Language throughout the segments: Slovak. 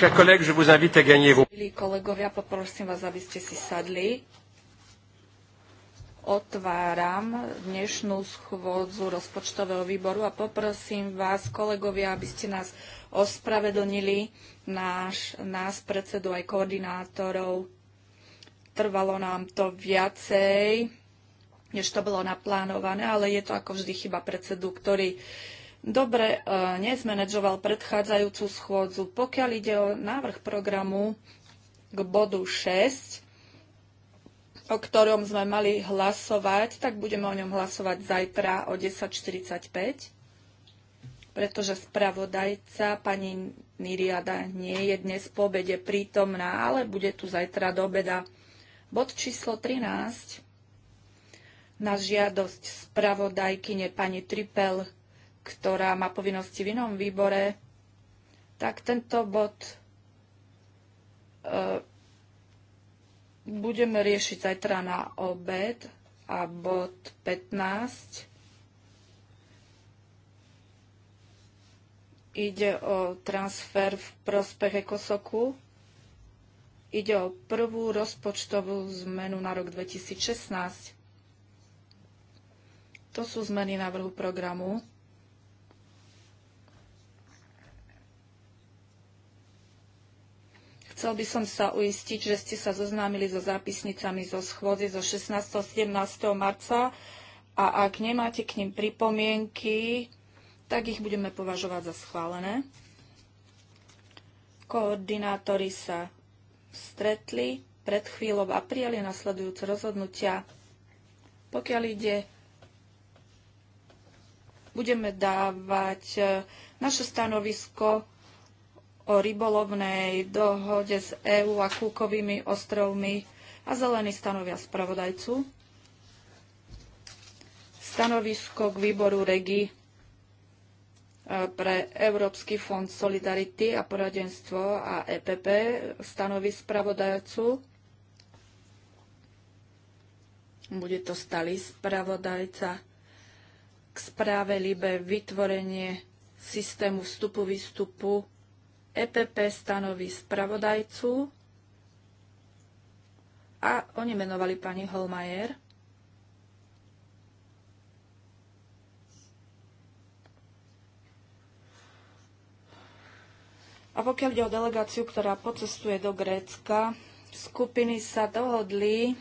Chers collègues, je vous invite à gagner vos... Milí kolegovia, poprosím vás, aby ste si sadli. Otváram dnešnú schôdzu rozpočtového výboru a poprosím vás, kolegovia, aby ste nás ospravedlnili, náš, nás predsedu aj koordinátorov. Trvalo nám to viacej, než to bolo naplánované, ale je to ako vždy chyba predsedu, ktorý dobre e, nezmanéžoval predchádzajúcu schôdzu. Pokiaľ ide o návrh programu k bodu 6, o ktorom sme mali hlasovať, tak budeme o ňom hlasovať zajtra o 10.45, pretože spravodajca pani Niriada nie je dnes po obede prítomná, ale bude tu zajtra do obeda. Bod číslo 13 na žiadosť spravodajkyne pani Tripel ktorá má povinnosti v inom výbore, tak tento bod e, budeme riešiť zajtra na obed a bod 15 ide o transfer v prospech Ekosoku. Ide o prvú rozpočtovú zmenu na rok 2016. To sú zmeny návrhu programu. Chcel by som sa uistiť, že ste sa zoznámili so zápisnicami zo schôdze zo 16. a 17. marca a ak nemáte k nim pripomienky, tak ich budeme považovať za schválené. Koordinátori sa stretli pred chvíľou a prijali nasledujúce rozhodnutia. Pokiaľ ide, budeme dávať eh, naše stanovisko o rybolovnej dohode s EÚ a kúkovými ostrovmi a zelení stanovia spravodajcu. Stanovisko k výboru REGI e, pre Európsky fond Solidarity a poradenstvo a EPP stanoví spravodajcu. Bude to stály spravodajca k správe LIBE vytvorenie systému vstupu-výstupu EPP stanoví spravodajcu a oni menovali pani Holmajer. A pokiaľ ide o delegáciu, ktorá pocestuje do Grécka, skupiny sa dohodli,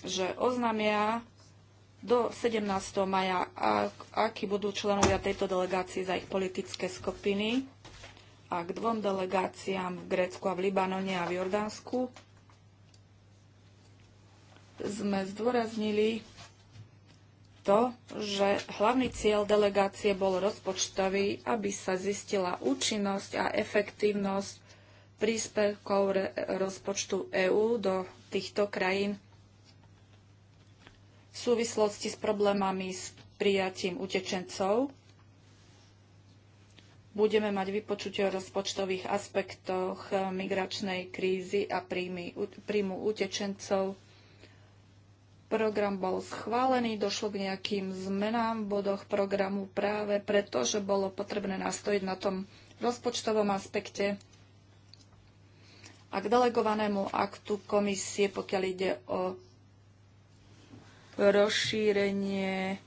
že oznamia do 17. maja, akí budú členovia tejto delegácie za ich politické skupiny a k dvom delegáciám v Grécku a v Libanone a v Jordánsku sme zdôraznili to, že hlavný cieľ delegácie bol rozpočtový, aby sa zistila účinnosť a efektívnosť príspevkov rozpočtu EÚ do týchto krajín v súvislosti s problémami s prijatím utečencov. Budeme mať vypočutie o rozpočtových aspektoch eh, migračnej krízy a príjmu utečencov. Program bol schválený, došlo k nejakým zmenám v bodoch programu práve preto, že bolo potrebné nastojiť na tom rozpočtovom aspekte a k delegovanému aktu komisie, pokiaľ ide o rozšírenie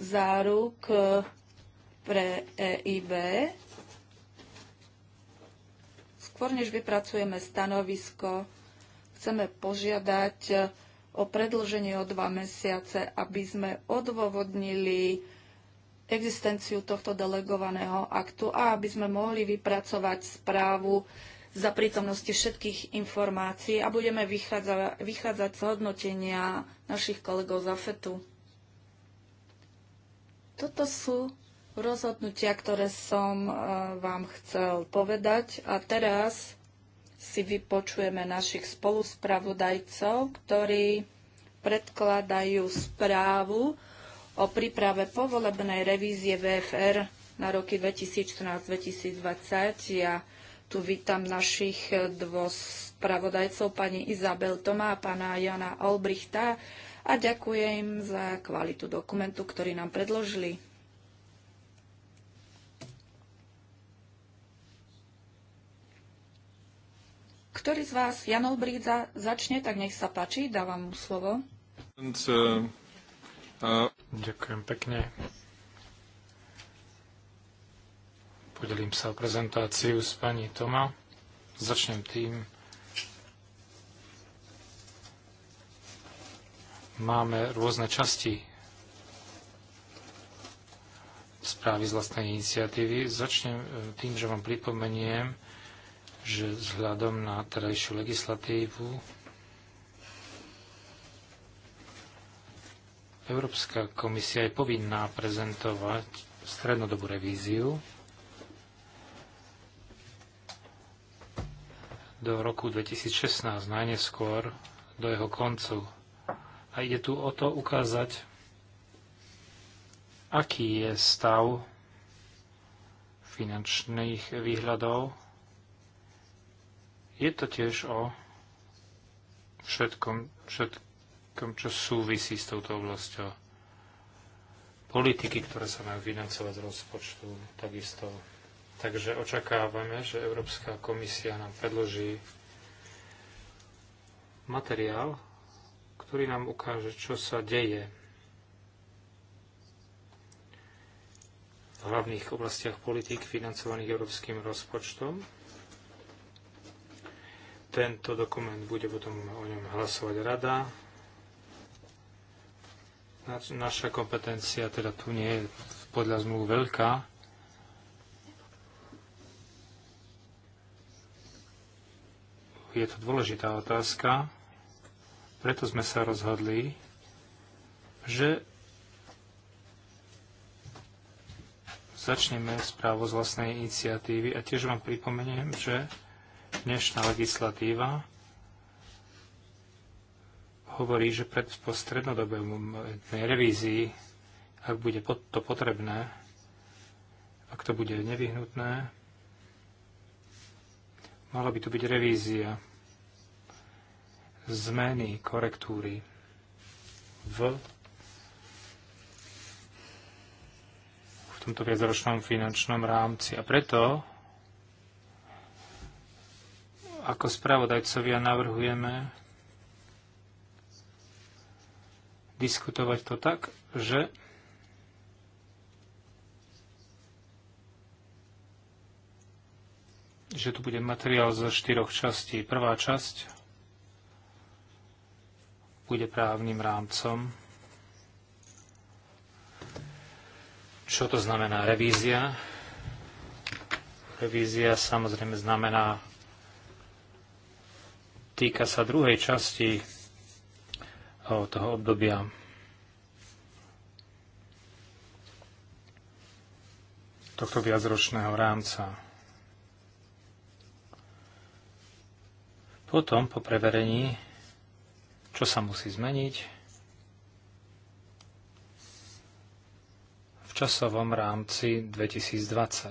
záruk e, pre EIB. Skôr než vypracujeme stanovisko, chceme požiadať e, o predlženie o dva mesiace, aby sme odôvodnili existenciu tohto delegovaného aktu a aby sme mohli vypracovať správu za prítomnosti všetkých informácií a budeme vychádzať, vychádzať z hodnotenia našich kolegov za FETu. Toto sú rozhodnutia, ktoré som e, vám chcel povedať a teraz si vypočujeme našich spoluspravodajcov, ktorí predkladajú správu o príprave povolebnej revízie VFR na roky 2014-2020. Ja tu vítam našich eh, dvoch spravodajcov, pani Izabel Tomá a pána Jana Albrichta a ďakujem im za kvalitu dokumentu, ktorý nám predložili. Ktorý z vás, Jan Olbrich, za, začne, tak nech sa páči, dávam mu slovo. And, uh, uh... Ďakujem pekne, Podelím sa o prezentáciu s pani Toma. Začnem tým. Máme rôzne časti správy z vlastnej iniciatívy. Začnem e, tým, že vám pripomeniem, že vzhľadom na terajšiu legislatívu Európska komisia je povinná prezentovať strednodobú revíziu do roku 2016 najneskôr, do jeho koncu. A ide tu o to ukázať, aký je stav finančných výhľadov. Je to tiež o všetkom, všetkom čo súvisí s touto oblasťou. Politiky, ktoré sa majú financovať z rozpočtu, takisto Takže očakávame, že Európska komisia nám predloží materiál, ktorý nám ukáže, čo sa deje v hlavných oblastiach politík financovaných európskym rozpočtom. Tento dokument bude potom o ňom hlasovať rada. Naša kompetencia teda tu nie je podľa zmluv veľká je to dôležitá otázka, preto sme sa rozhodli, že začneme správu z vlastnej iniciatívy a tiež vám pripomeniem, že dnešná legislatíva hovorí, že pred, po strednodobej revízii, ak bude to potrebné, ak to bude nevyhnutné, Mala by tu byť revízia, zmeny, korektúry v, v tomto viacročnom finančnom rámci. A preto ako spravodajcovia navrhujeme diskutovať to tak, že že tu bude materiál zo štyroch častí. Prvá časť bude právnym rámcom. Čo to znamená revízia? Revízia samozrejme znamená, týka sa druhej časti toho obdobia. tohto viacročného rámca. Potom po preverení, čo sa musí zmeniť v časovom rámci 2020.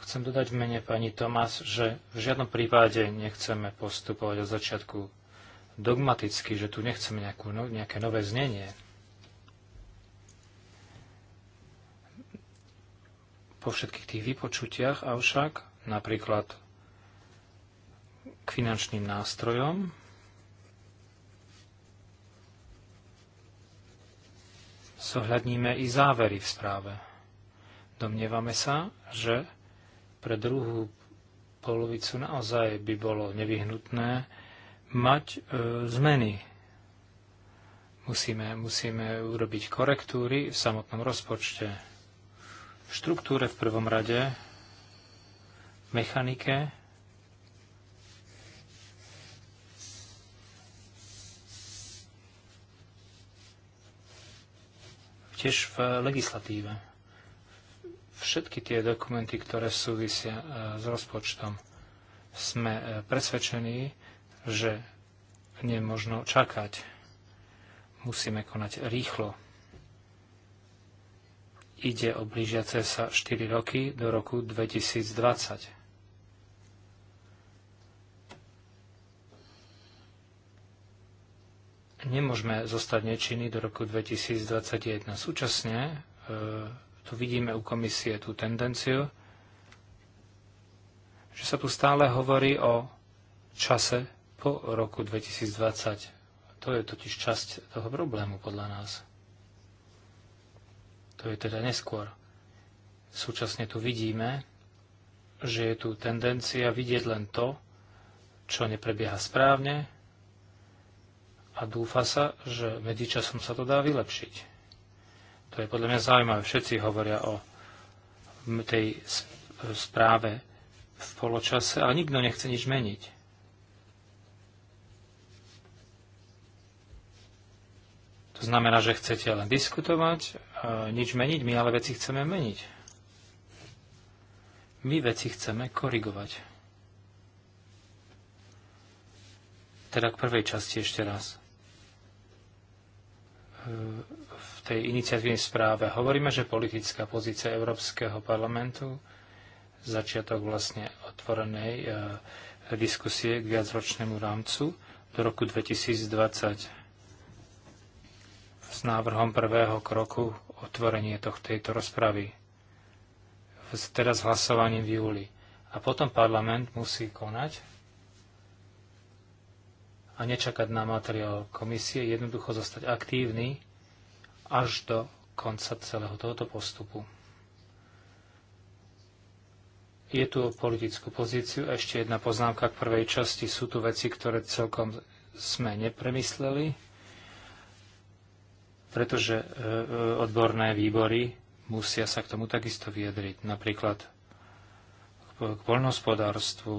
Chcem dodať v mene pani Tomás, že v žiadnom prípade nechceme postupovať od začiatku dogmaticky, že tu nechceme nejakú, no, nejaké nové znenie. po všetkých tých vypočutiach, avšak napríklad k finančným nástrojom, Sohľadníme i závery v správe. Domnievame sa, že pre druhú polovicu naozaj by bolo nevyhnutné mať e, zmeny. Musíme, musíme urobiť korektúry v samotnom rozpočte štruktúre v prvom rade, mechanike, tiež v legislatíve. Všetky tie dokumenty, ktoré súvisia e, s rozpočtom, sme e, presvedčení, že nemôžno čakať. Musíme konať rýchlo. Ide o blížiace sa 4 roky do roku 2020. Nemôžeme zostať nečinní do roku 2021. Súčasne e, tu vidíme u komisie tú tendenciu, že sa tu stále hovorí o čase po roku 2020. To je totiž časť toho problému podľa nás. To je teda neskôr. Súčasne tu vidíme, že je tu tendencia vidieť len to, čo neprebieha správne a dúfa sa, že medzičasom sa to dá vylepšiť. To je podľa mňa zaujímavé. Všetci hovoria o tej e, správe v poločase, ale nikto nechce nič meniť. To znamená, že chcete len diskutovať, nič meniť, my ale veci chceme meniť. My veci chceme korigovať. Teda k prvej časti ešte raz. E, v tej iniciatívnej správe hovoríme, že politická pozícia Európskeho parlamentu, začiatok vlastne otvorenej e, diskusie k viacročnému rámcu do roku 2020 s návrhom prvého kroku otvorenie tejto rozpravy. Teraz hlasovaním v júli. A potom parlament musí konať a nečakať na materiál komisie, jednoducho zostať aktívny až do konca celého tohoto postupu. Je tu o politickú pozíciu. Ešte jedna poznámka k prvej časti. Sú tu veci, ktoré celkom sme nepremysleli pretože e, e, odborné výbory musia sa k tomu takisto vyjadriť. Napríklad k poľnohospodárstvu,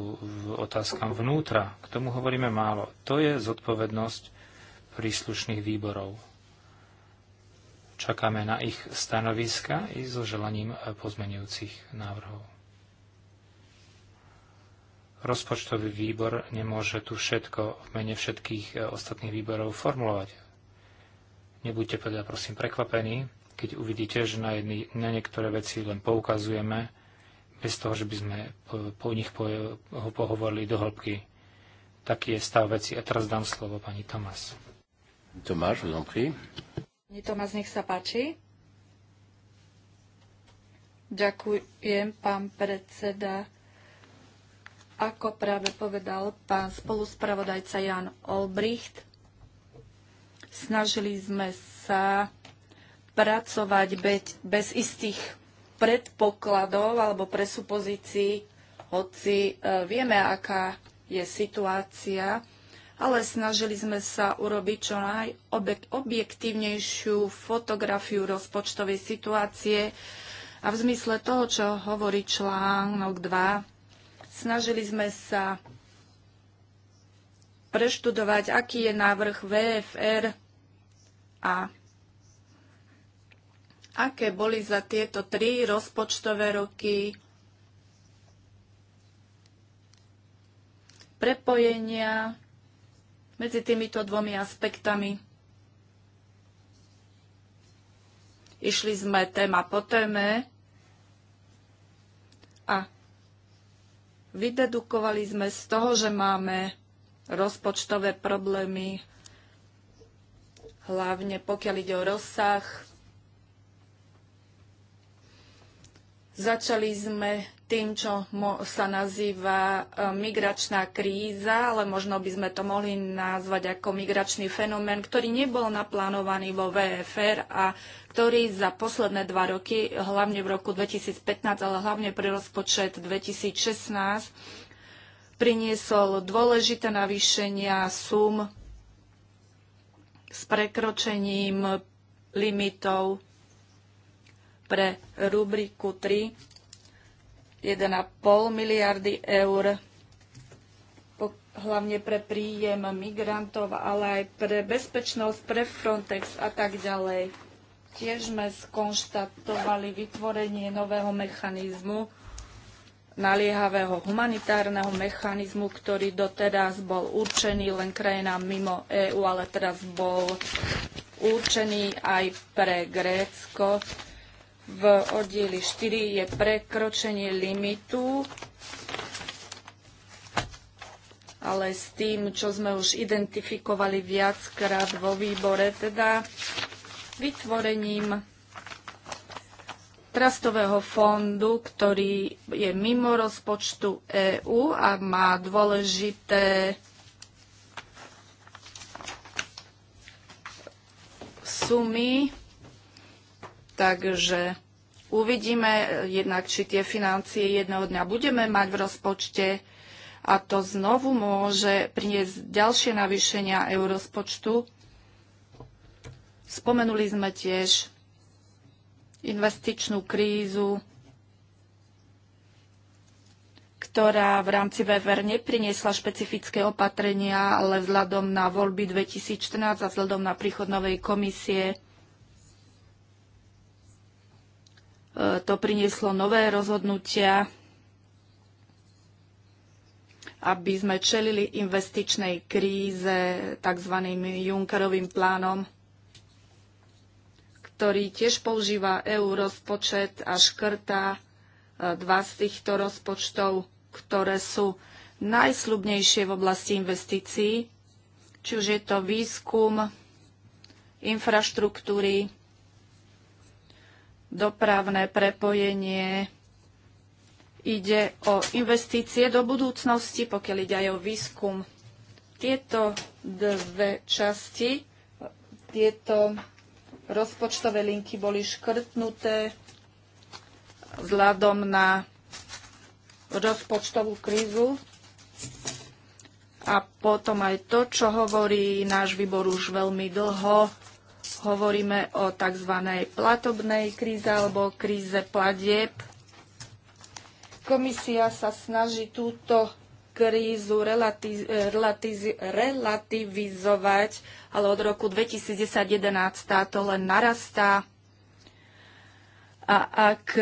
otázkam vnútra. K tomu hovoríme málo. To je zodpovednosť príslušných výborov. Čakáme na ich stanoviska i so želaním pozmenujúcich návrhov. Rozpočtový výbor nemôže tu všetko v mene všetkých e, ostatných výborov formulovať. Nebuďte teda prosím prekvapení, keď uvidíte, že na, jedny, na niektoré veci len poukazujeme, bez toho, že by sme po, po nich po, ho pohovorili do hĺbky. Taký je stav veci. A teraz dám slovo pani Tomás. Tomáš, vous en Tomás, nech sa páči. Ďakujem, pán predseda. Ako práve povedal pán spoluspravodajca Jan Olbricht, Snažili sme sa pracovať bez, bez istých predpokladov alebo presupozícií, hoci e, vieme, aká je situácia, ale snažili sme sa urobiť čo najobjektívnejšiu fotografiu rozpočtovej situácie a v zmysle toho, čo hovorí článok 2, snažili sme sa preštudovať, aký je návrh VFR a aké boli za tieto tri rozpočtové roky prepojenia medzi týmito dvomi aspektami? Išli sme téma po téme a vydedukovali sme z toho, že máme rozpočtové problémy hlavne pokiaľ ide o rozsah. Začali sme tým, čo sa nazýva e, migračná kríza, ale možno by sme to mohli nazvať ako migračný fenomén, ktorý nebol naplánovaný vo VFR a ktorý za posledné dva roky, hlavne v roku 2015, ale hlavne pre rozpočet 2016, priniesol dôležité navýšenia sum s prekročením limitov pre rubriku 3 1,5 miliardy eur hlavne pre príjem migrantov, ale aj pre bezpečnosť, pre Frontex a tak ďalej. Tiež sme skonštatovali vytvorenie nového mechanizmu naliehavého humanitárneho mechanizmu, ktorý doteraz bol určený len krajinám mimo EÚ, ale teraz bol určený aj pre Grécko. V oddieli 4 je prekročenie limitu, ale s tým, čo sme už identifikovali viackrát vo výbore, teda vytvorením trastového fondu, ktorý je mimo rozpočtu EÚ a má dôležité sumy. Takže uvidíme jednak, či tie financie jedného dňa budeme mať v rozpočte a to znovu môže priniesť ďalšie navýšenia eurozpočtu. rozpočtu. Spomenuli sme tiež investičnú krízu, ktorá v rámci VVR nepriniesla špecifické opatrenia, ale vzhľadom na voľby 2014 a vzhľadom na príchod novej komisie e, to prinieslo nové rozhodnutia, aby sme čelili investičnej kríze tzv. Junckerovým plánom ktorý tiež používa EU rozpočet a škrta e, dva z týchto rozpočtov, ktoré sú najslubnejšie v oblasti investícií, či už je to výskum, infraštruktúry, dopravné prepojenie. Ide o investície do budúcnosti, pokiaľ ide aj o výskum. Tieto dve časti, tieto rozpočtové linky boli škrtnuté vzhľadom na rozpočtovú krízu. A potom aj to, čo hovorí náš výbor už veľmi dlho, hovoríme o tzv. platobnej kríze alebo kríze platieb. Komisia sa snaží túto krízu relativizovať, ale od roku 2011 táto len narastá. A ak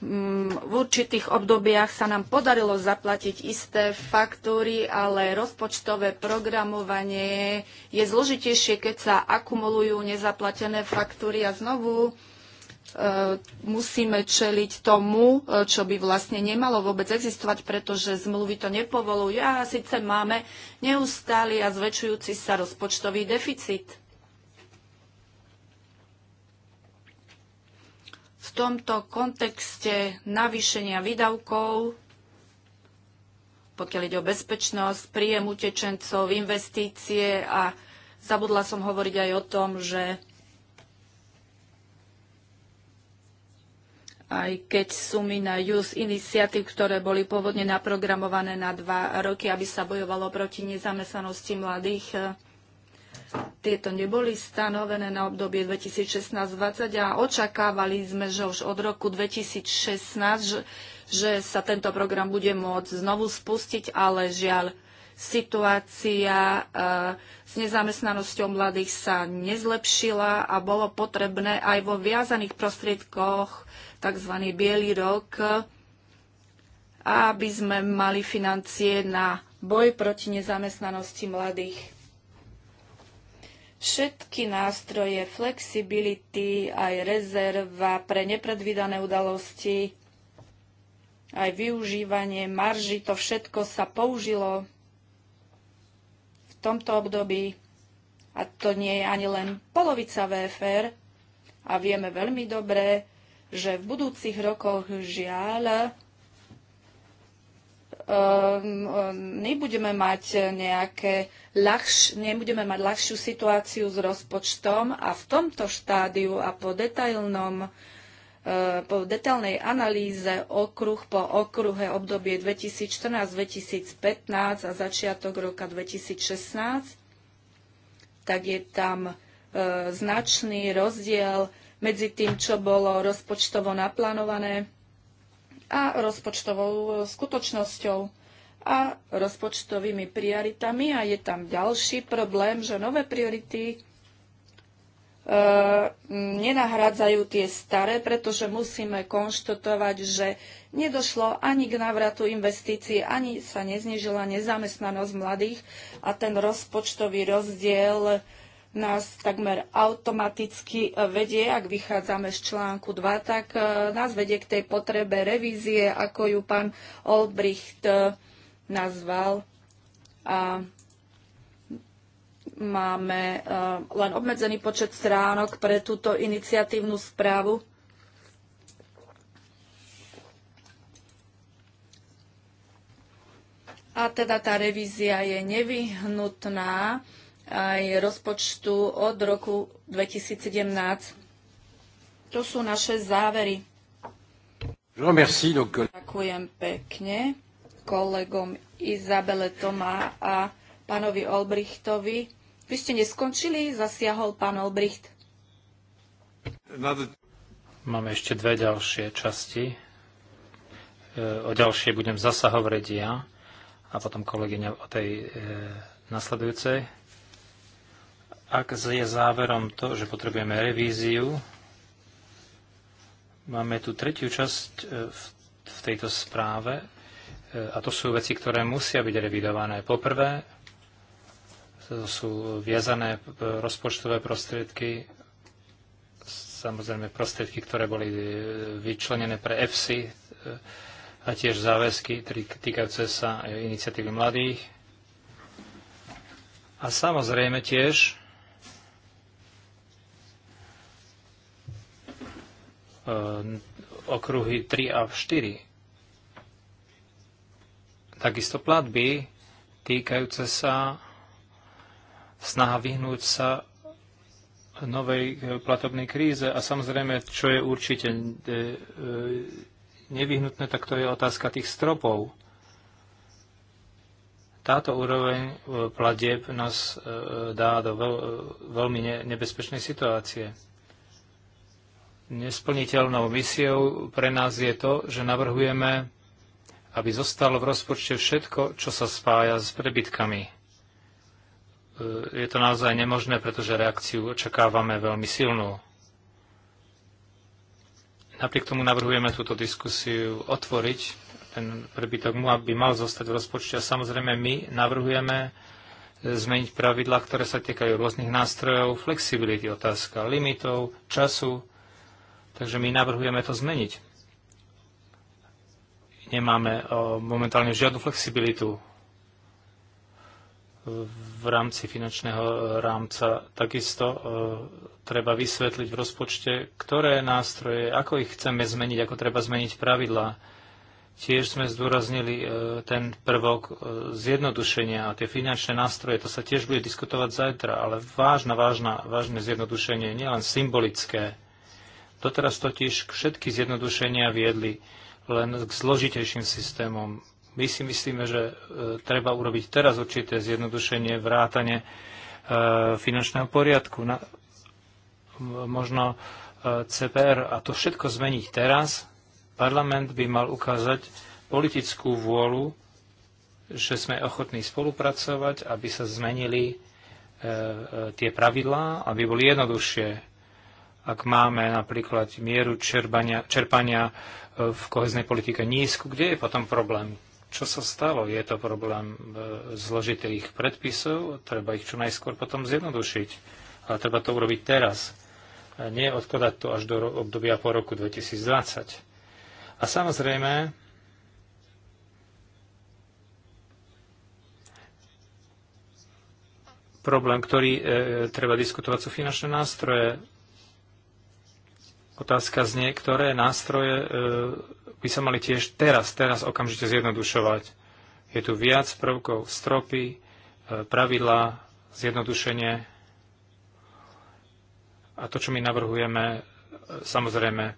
mm, v určitých obdobiach sa nám podarilo zaplatiť isté faktúry, ale rozpočtové programovanie je zložitejšie, keď sa akumulujú nezaplatené faktúry a znovu E, musíme čeliť tomu, e, čo by vlastne nemalo vôbec existovať, pretože zmluvy to nepovolujú. A síce máme neustály a zväčšujúci sa rozpočtový deficit. V tomto kontexte navýšenia výdavkov, pokiaľ ide o bezpečnosť, príjem utečencov, investície a zabudla som hovoriť aj o tom, že aj keď sumy na JUS iniciatív, ktoré boli pôvodne naprogramované na dva roky, aby sa bojovalo proti nezamestnanosti mladých, e, tieto neboli stanovené na obdobie 2016-2020 a očakávali sme, že už od roku 2016, že, že sa tento program bude môcť znovu spustiť, ale žiaľ, situácia eh, s nezamestnanosťou mladých sa nezlepšila a bolo potrebné aj vo viazaných prostriedkoch, tzv. biely rok, aby sme mali financie na boj proti nezamestnanosti mladých. Všetky nástroje flexibility, aj rezerva pre nepredvídané udalosti, aj využívanie marži, to všetko sa použilo tomto období, a to nie je ani len polovica VFR, a vieme veľmi dobre, že v budúcich rokoch žiaľ ehm, ehm, nebudeme mať nejaké ľahš, nebudeme mať ľahšiu situáciu s rozpočtom a v tomto štádiu a po detailnom Eh, po detailnej analýze okruh po okruhe obdobie 2014-2015 a začiatok roka 2016, tak je tam eh, značný rozdiel medzi tým, čo bolo rozpočtovo naplánované a rozpočtovou eh, skutočnosťou a rozpočtovými prioritami. A je tam ďalší problém, že nové priority E, nenahrádzajú tie staré, pretože musíme konštatovať, že nedošlo ani k návratu investícií, ani sa neznižila nezamestnanosť mladých a ten rozpočtový rozdiel nás takmer automaticky vedie, ak vychádzame z článku 2, tak e, nás vedie k tej potrebe revízie, ako ju pán Olbricht e, nazval. A Máme eh, len obmedzený počet stránok pre túto iniciatívnu správu. A teda tá revízia je nevyhnutná aj rozpočtu od roku 2017. To sú naše závery. Euh, Ďakujem pekne kolegom Izabele Tomá a pánovi Olbrichtovi vy ste neskončili, zasiahol pán Olbricht. Máme ešte dve ďalšie časti. E, o ďalšie budem zasa hovoriť ja a potom kolegyňa o tej e, nasledujúcej. Ak je záverom to, že potrebujeme revíziu, máme tu tretiu časť e, v, v tejto správe e, a to sú veci, ktoré musia byť revidované. Poprvé, sú viazané rozpočtové prostriedky, samozrejme prostriedky, ktoré boli e, vyčlenené pre EFSI a tiež záväzky týkajúce sa iniciatívy mladých. A samozrejme tiež e, okruhy 3 a 4. Takisto platby týkajúce sa snaha vyhnúť sa novej e, platobnej kríze. A samozrejme, čo je určite e, e, nevyhnutné, tak to je otázka tých stropov. Táto úroveň platieb nás dá do veľmi nebezpečnej situácie. Nesplniteľnou misiou pre nás je to, že navrhujeme, aby zostalo v rozpočte všetko, čo sa spája s prebytkami E, je to naozaj nemožné, pretože reakciu očakávame veľmi silnú. Napriek tomu navrhujeme túto diskusiu otvoriť. Ten prebytok mu by mal zostať v rozpočte. A samozrejme my navrhujeme e, zmeniť pravidlá, ktoré sa týkajú rôznych nástrojov, flexibility otázka, limitov, času. Takže my navrhujeme to zmeniť. Nemáme momentálne žiadnu flexibilitu v rámci finančného rámca. Takisto e, treba vysvetliť v rozpočte, ktoré nástroje, ako ich chceme zmeniť, ako treba zmeniť pravidlá. Tiež sme zdôraznili e, ten prvok e, zjednodušenia a tie finančné nástroje, to sa tiež bude diskutovať zajtra, ale vážna, vážna, vážne zjednodušenie, nielen symbolické. Doteraz totiž všetky zjednodušenia viedli len k zložitejším systémom, my si myslíme, že e, treba urobiť teraz určité zjednodušenie, vrátane e, finančného poriadku, na, možno e, CPR a to všetko zmeniť teraz. Parlament by mal ukázať politickú vôľu, že sme ochotní spolupracovať, aby sa zmenili tie pravidlá, aby boli jednoduchšie. Ak máme napríklad mieru čerpania, čerpania v koheznej politike nízku, kde je potom problém? čo sa stalo? Je to problém e, zložitých predpisov, treba ich čo najskôr potom zjednodušiť. Ale treba to urobiť teraz. Nie odkladať to až do obdobia po roku 2020. A samozrejme, problém, ktorý e, treba diskutovať, sú finančné nástroje. Otázka znie, ktoré nástroje e, by sa mali tiež teraz, teraz okamžite zjednodušovať. Je tu viac prvkov, stropy, e, pravidlá, zjednodušenie. A to, čo my navrhujeme, e, samozrejme,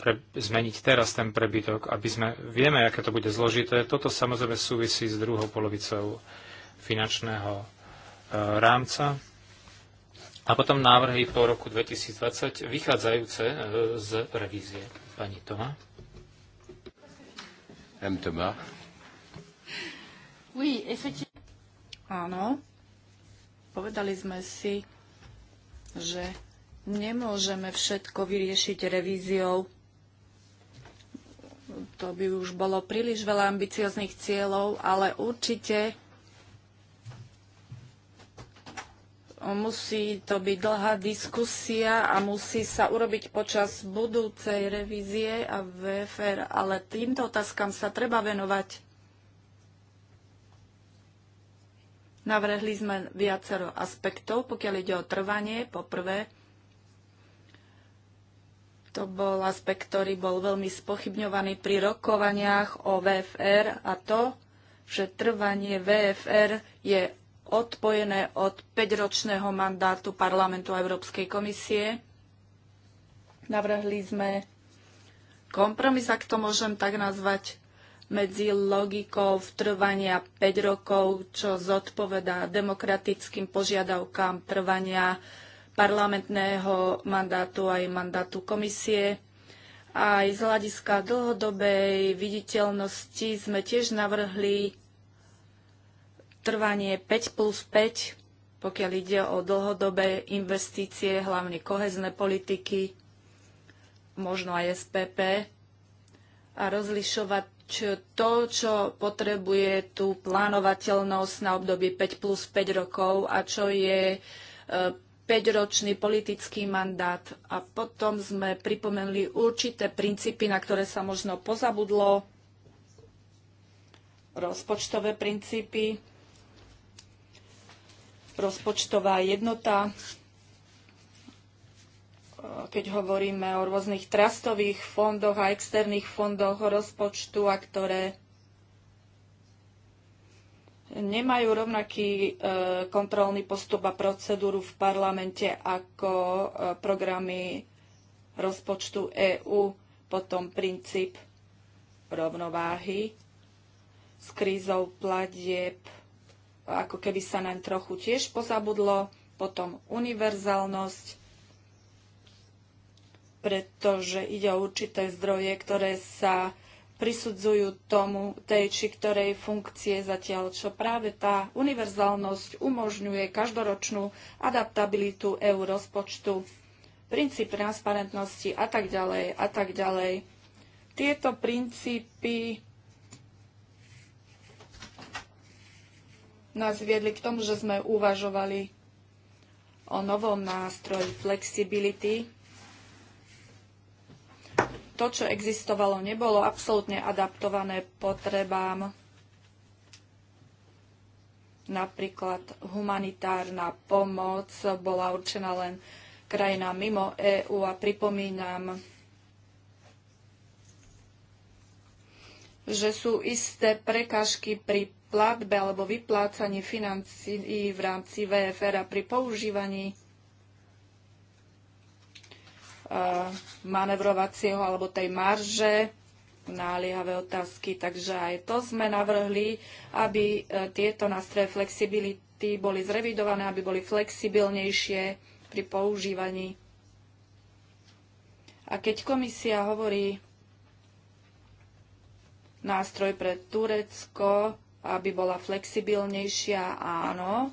pre, zmeniť teraz ten prebytok, aby sme vieme, aké to bude zložité. Toto samozrejme súvisí s druhou polovicou finančného e, rámca. A potom návrhy po roku 2020 vychádzajúce e, z revízie. Pani Toma. M. Thomas. Oui, effectivement. Áno. Povedali sme si, že nemôžeme všetko vyriešiť revíziou. To by už bolo príliš veľa ambicioznych cieľov, ale určite Musí to byť dlhá diskusia a musí sa urobiť počas budúcej revízie a VFR, ale týmto otázkam sa treba venovať. Navrhli sme viacero aspektov, pokiaľ ide o trvanie. Poprvé, to bol aspekt, ktorý bol veľmi spochybňovaný pri rokovaniach o VFR a to, že trvanie VFR je odpojené od 5-ročného mandátu parlamentu a Európskej komisie. Navrhli sme kompromis, ak to môžem tak nazvať, medzi logikou trvania 5 rokov, čo zodpovedá demokratickým požiadavkám trvania parlamentného mandátu aj mandátu komisie. Aj z hľadiska dlhodobej viditeľnosti sme tiež navrhli trvanie 5 plus 5, pokiaľ ide o dlhodobé investície, hlavne kohezné politiky, možno aj SPP, a rozlišovať to, čo potrebuje tú plánovateľnosť na obdobie 5 plus 5 rokov a čo je 5-ročný e, politický mandát. A potom sme pripomenuli určité princípy, na ktoré sa možno pozabudlo, rozpočtové princípy, rozpočtová jednota, e, keď hovoríme o rôznych trastových fondoch a externých fondoch rozpočtu, a ktoré nemajú rovnaký e, kontrolný postup a procedúru v parlamente ako e, programy rozpočtu EÚ, potom princíp rovnováhy s krízou platieb ako keby sa nám trochu tiež pozabudlo, potom univerzálnosť, pretože ide o určité zdroje, ktoré sa prisudzujú tomu tej či ktorej funkcie zatiaľ, čo práve tá univerzálnosť umožňuje každoročnú adaptabilitu EU rozpočtu, princíp transparentnosti a tak ďalej a tak ďalej. Tieto princípy nás viedli k tomu, že sme uvažovali o novom nástroji flexibility. To, čo existovalo, nebolo absolútne adaptované potrebám Napríklad humanitárna pomoc bola určená len krajinám mimo EÚ a pripomínam, že sú isté prekažky pri platbe alebo vyplácanie financií v rámci VFR a pri používaní manevrovacieho alebo tej marže náliehavé otázky. Takže aj to sme navrhli, aby e, tieto nástroje flexibility boli zrevidované, aby boli flexibilnejšie pri používaní. A keď komisia hovorí nástroj pre Turecko, aby bola flexibilnejšia, áno.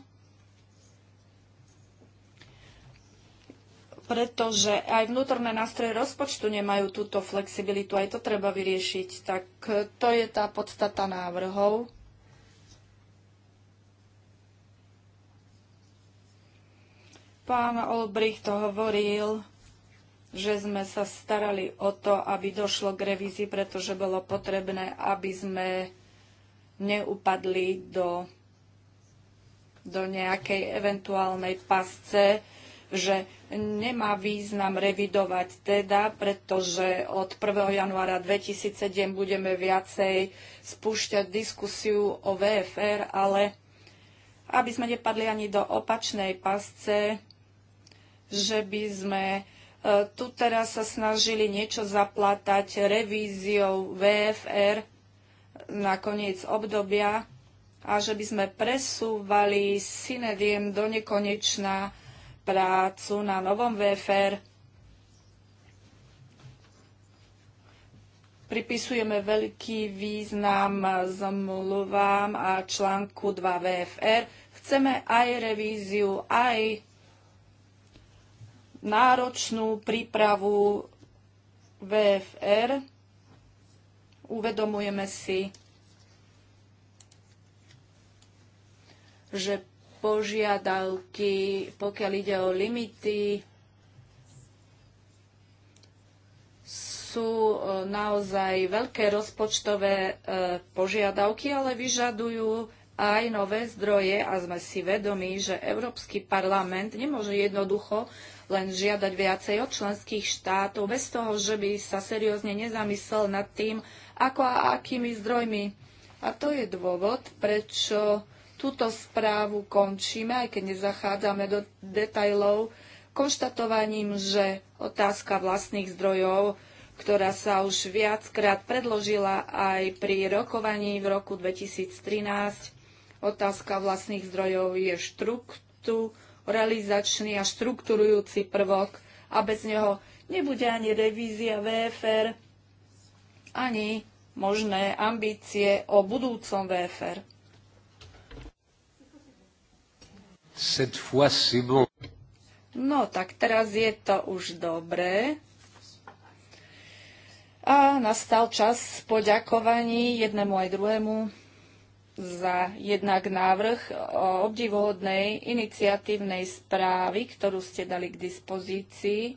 Pretože aj vnútorné nástroje rozpočtu nemajú túto flexibilitu, aj to treba vyriešiť. Tak to je tá podstata návrhov. Pán Olbricht to hovoril, že sme sa starali o to, aby došlo k revízii, pretože bolo potrebné, aby sme neupadli do, do nejakej eventuálnej pasce, že nemá význam revidovať teda, pretože od 1. januára 2007 budeme viacej spúšťať diskusiu o VFR, ale aby sme nepadli ani do opačnej pasce, že by sme e, tu teraz sa snažili niečo zaplatať revíziou VFR, na koniec obdobia a že by sme presúvali synediem do nekonečná prácu na novom VFR. Pripisujeme veľký význam zmluvám a článku 2 VFR. Chceme aj revíziu, aj náročnú prípravu VFR Uvedomujeme si, že požiadavky, pokiaľ ide o limity, sú e, naozaj veľké rozpočtové e, požiadavky, ale vyžadujú aj nové zdroje a sme si vedomi, že Európsky parlament nemôže jednoducho len žiadať viacej od členských štátov bez toho, že by sa seriózne nezamyslel nad tým, ako a akými zdrojmi. A to je dôvod, prečo túto správu končíme, aj keď nezachádzame do detajlov, konštatovaním, že otázka vlastných zdrojov, ktorá sa už viackrát predložila aj pri rokovaní v roku 2013, otázka vlastných zdrojov je realizačný a štrukturujúci prvok a bez neho nebude ani revízia VFR, ani možné ambície o budúcom VFR. No tak teraz je to už dobré. A nastal čas poďakovaní jednému aj druhému za jednak návrh obdivohodnej iniciatívnej správy, ktorú ste dali k dispozícii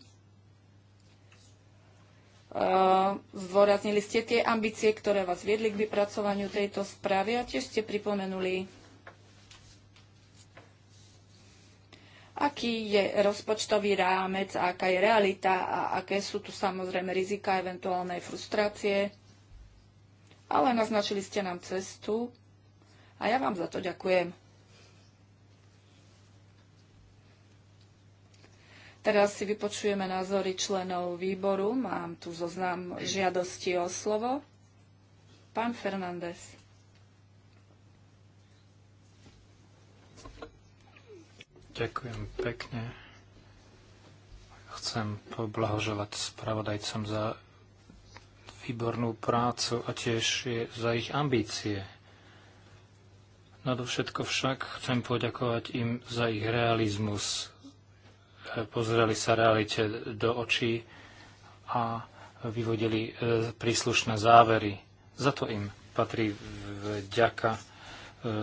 Zdôraznili ste tie ambície, ktoré vás viedli k vypracovaniu tejto správy a tiež ste pripomenuli, aký je rozpočtový rámec, aká je realita a aké sú tu samozrejme rizika eventuálnej frustrácie. Ale naznačili ste nám cestu a ja vám za to ďakujem. Teraz si vypočujeme názory členov výboru. Mám tu zoznam žiadosti o slovo. Pán Fernández. Ďakujem pekne. Chcem poblahoželať spravodajcom za výbornú prácu a tiež za ich ambície. Nadovšetko však chcem poďakovať im za ich realizmus, pozreli sa realite do očí a vyvodili e, príslušné závery. Za to im patrí vďaka. E,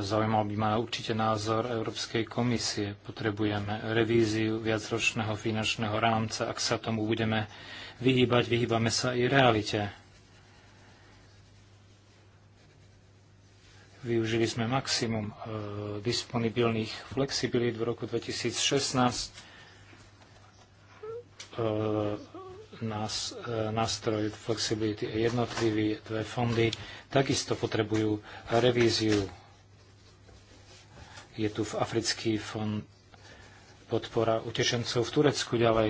zaujímal by ma určite názor Európskej komisie. Potrebujeme revíziu viacročného finančného rámca. Ak sa tomu budeme vyhýbať, vyhýbame sa i realite. Využili sme maximum e, disponibilných flexibilít v roku 2016 E, nás, e, nástroj flexibility a jednotlivý dve fondy takisto potrebujú revíziu. Je tu v Africký fond podpora utečencov v Turecku ďalej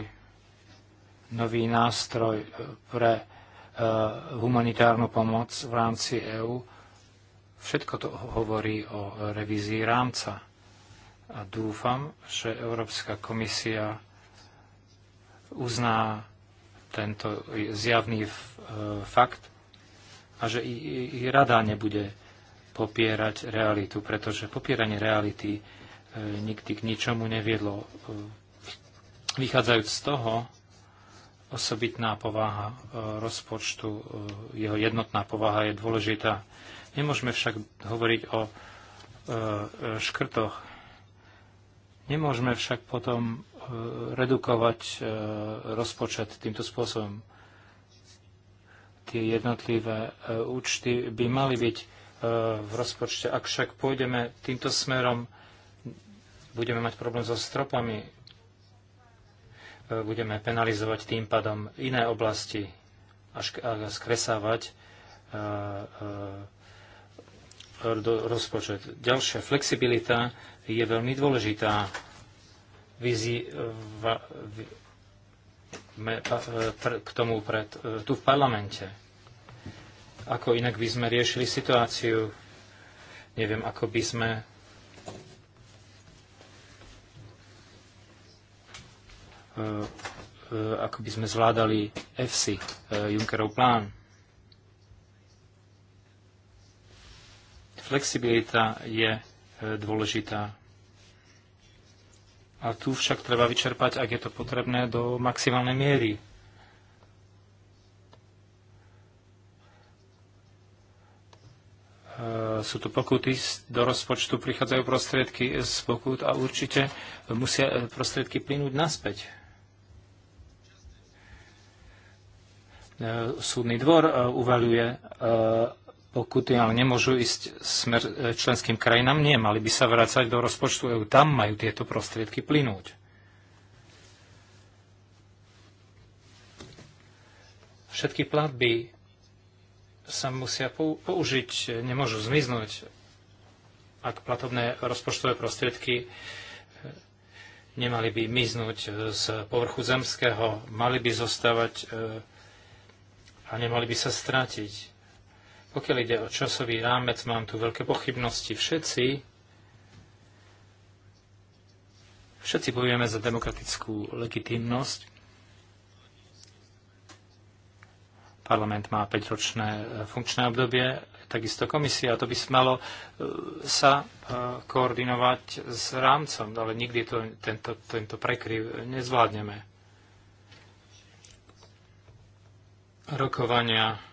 nový nástroj pre e, humanitárnu pomoc v rámci EÚ. Všetko to hovorí o revízii rámca. A dúfam, že Európska komisia uzná tento zjavný e, fakt a že i, i, i rada nebude popierať realitu, pretože popieranie reality e, nikdy k ničomu neviedlo. E, vychádzajúc z toho, osobitná povaha rozpočtu, jeho jednotná povaha je dôležitá. Nemôžeme však hovoriť o škrtoch. Nemôžeme však potom redukovať e, rozpočet týmto spôsobom. Tie jednotlivé e, účty by mali byť e, v rozpočte. Ak však pôjdeme týmto smerom, budeme mať problém so stropami, budeme penalizovať tým pádom iné oblasti a skresávať rozpočet. Ďalšia flexibilita je veľmi dôležitá E, pr, k tomu pred, e, tu v parlamente. Ako inak by sme riešili situáciu, neviem, ako by sme e, ako by sme zvládali EFSI, Junckerov plán. Flexibilita je dôležitá a tu však treba vyčerpať, ak je to potrebné, do maximálnej miery. E, sú tu pokuty, do rozpočtu prichádzajú prostriedky z pokut a určite musia e, prostriedky plynúť naspäť. E, súdny dvor uvaľuje pokuty, ale nemôžu ísť smer e, členským krajinám. Nie, mali by sa vrácať do rozpočtu EU. Tam majú tieto prostriedky plynúť. Všetky platby sa musia použiť, nemôžu zmiznúť, ak platobné rozpočtové prostriedky e, nemali by miznúť e, z povrchu zemského, mali by zostávať a nemali by sa strátiť pokiaľ ide o časový rámec, mám tu veľké pochybnosti. Všetci, všetci bojujeme za demokratickú legitimnosť. Parlament má 5-ročné e, funkčné obdobie, takisto komisia. To by malo e, sa e, koordinovať s rámcom, ale nikdy to, tento, tento prekryv nezvládneme. Rokovania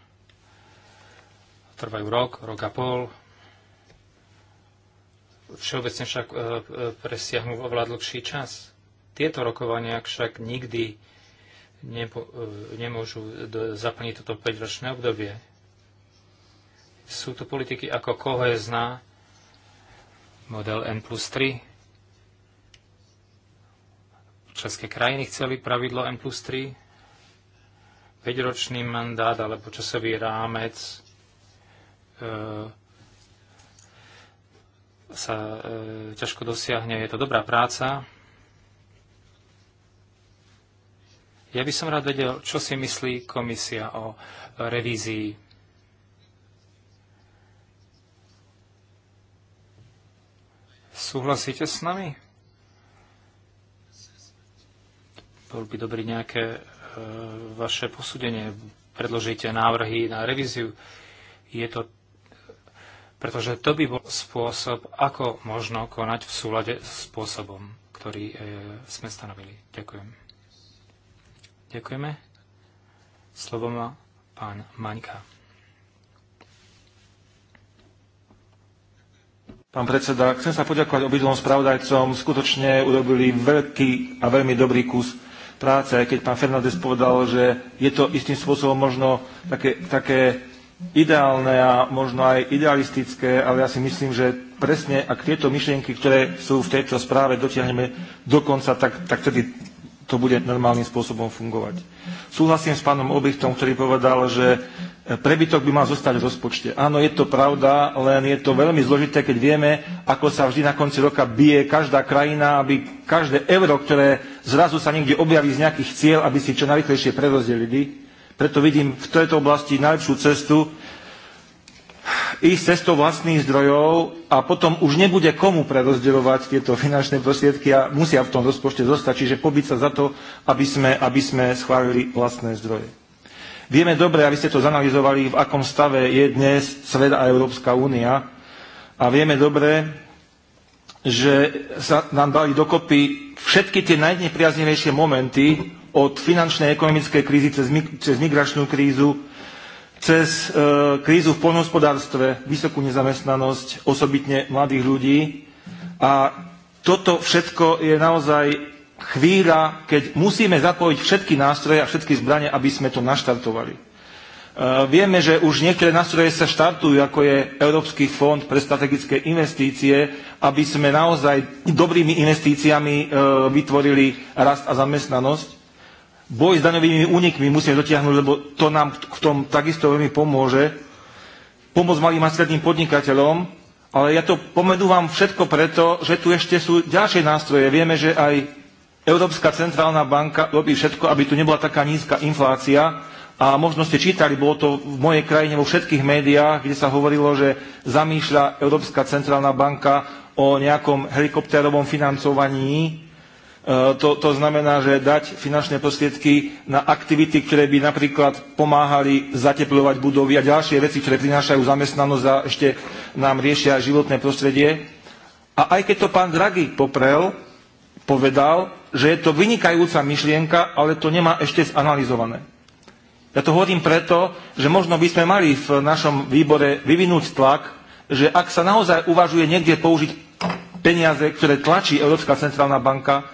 trvajú rok, rok a pol. Všeobecne však e, e, presiahnu oveľa dlhší čas. Tieto rokovania však nikdy e, nemôžu zaplniť toto 5-ročné obdobie. Sú to politiky ako kohezná, model N plus 3. České krajiny chceli pravidlo N plus 3, 5-ročný mandát alebo časový rámec E, sa e, ťažko dosiahne. Je to dobrá práca. Ja by som rád vedel, čo si myslí komisia o revízii. Súhlasíte s nami? Bol by dobrý nejaké e, vaše posúdenie, predložíte návrhy na revíziu. Je to pretože to by bol spôsob, ako možno konať v súlade s spôsobom, ktorý e, sme stanovili. Ďakujem. Ďakujeme. Slovo má pán Maňka. Pán predseda, chcem sa poďakovať obidvom spravodajcom. Skutočne urobili veľký a veľmi dobrý kus práce, aj keď pán Fernández povedal, že je to istým spôsobom možno také, také ideálne a možno aj idealistické, ale ja si myslím, že presne ak tieto myšlienky, ktoré sú v tejto správe, dotiahneme do konca, tak, tak vtedy to bude normálnym spôsobom fungovať. Súhlasím s pánom Obrichtom, ktorý povedal, že prebytok by mal zostať v rozpočte. Áno, je to pravda, len je to veľmi zložité, keď vieme, ako sa vždy na konci roka bije každá krajina, aby každé euro, ktoré zrazu sa niekde objaví z nejakých cieľ, aby si čo najrychlejšie prerozdelili, preto vidím v tejto oblasti najlepšiu cestu ísť cestou vlastných zdrojov a potom už nebude komu prerozdeľovať tieto finančné prostriedky a musia v tom rozpočte zostať, čiže pobiť sa za to, aby sme, aby sme schválili vlastné zdroje. Vieme dobre, aby ste to zanalizovali, v akom stave je dnes svet a Európska únia a vieme dobre, že sa nám dali dokopy všetky tie najnepriaznivejšie momenty, od finančnej ekonomickej krízy cez, cez migračnú krízu, cez e, krízu v poľnohospodárstve, vysokú nezamestnanosť, osobitne mladých ľudí. A toto všetko je naozaj chvíľa, keď musíme zapojiť všetky nástroje a všetky zbranie, aby sme to naštartovali. E, vieme, že už niektoré nástroje sa štartujú, ako je Európsky fond pre strategické investície, aby sme naozaj dobrými investíciami e, vytvorili rast a zamestnanosť. Boj s daňovými únikmi musíme dotiahnuť, lebo to nám v tom takisto veľmi pomôže. pomôcť malým a stredným podnikateľom, ale ja to pomenú vám všetko preto, že tu ešte sú ďalšie nástroje. Vieme, že aj Európska centrálna banka robí všetko, aby tu nebola taká nízka inflácia. A možno ste čítali, bolo to v mojej krajine vo všetkých médiách, kde sa hovorilo, že zamýšľa Európska centrálna banka o nejakom helikopterovom financovaní E, to, to znamená, že dať finančné prostriedky na aktivity, ktoré by napríklad pomáhali zateplovať budovy a ďalšie veci, ktoré prinášajú zamestnanosť a ešte nám riešia životné prostredie. A aj keď to pán Draghi poprel, povedal, že je to vynikajúca myšlienka, ale to nemá ešte zanalizované. Ja to hovorím preto, že možno by sme mali v našom výbore vyvinúť tlak, že ak sa naozaj uvažuje niekde použiť peniaze, ktoré tlačí Európska centrálna banka,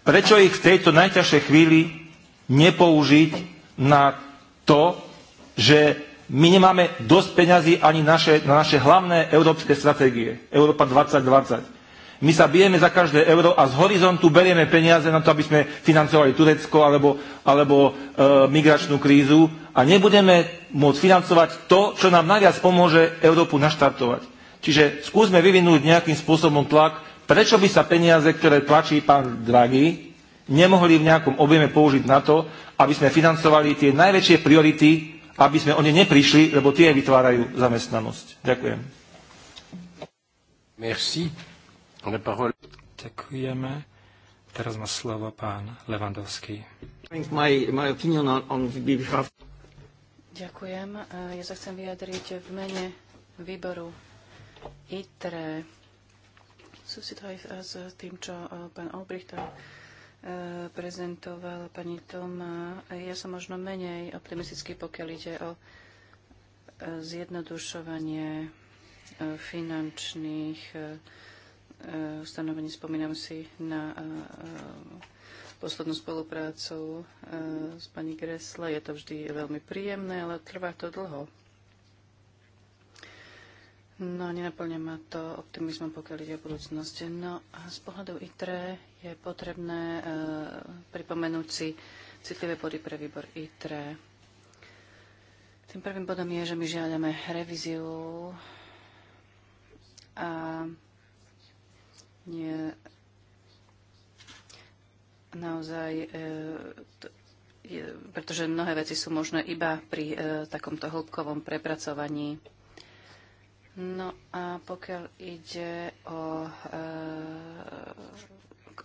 Prečo ich v tejto najťažšej chvíli nepoužiť na to, že my nemáme dosť peňazí ani naše, na naše hlavné európske stratégie. Európa 2020. My sa bijeme za každé euro a z horizontu berieme peniaze na to, aby sme financovali Turecko alebo, alebo e, migračnú krízu a nebudeme môcť financovať to, čo nám najviac pomôže Európu naštartovať. Čiže skúsme vyvinúť nejakým spôsobom tlak Prečo by sa peniaze, ktoré tlačí pán Draghi, nemohli v nejakom objeme použiť na to, aby sme financovali tie najväčšie priority, aby sme o ne neprišli, lebo tie vytvárajú zamestnanosť. Ďakujem. Merci. Ďakujeme. Teraz má slovo pán Levandovský. My, my on, on Ďakujem. E, ja sa chcem vyjadriť v mene výboru ITRE Súvisí to aj eh, s tým, čo eh, pán Olbricht eh, prezentoval pani Toma. Ja som možno menej optimistický, pokiaľ ide o zjednodušovanie finančných ustanovení. Spomínam si na poslednú spoluprácu s pani Gresle. Je to vždy veľmi príjemné, ale trvá to dlho. No, nenaplňa ma to optimizmom, pokiaľ ide o budúcnosť. No a z pohľadu ITRE je potrebné e, pripomenúť si citlivé body pre výbor ITRE. Tým prvým bodom je, že my žiadame revíziu a nie naozaj e, je, pretože mnohé veci sú možné iba pri e, takomto hĺbkovom prepracovaní No a pokiaľ ide o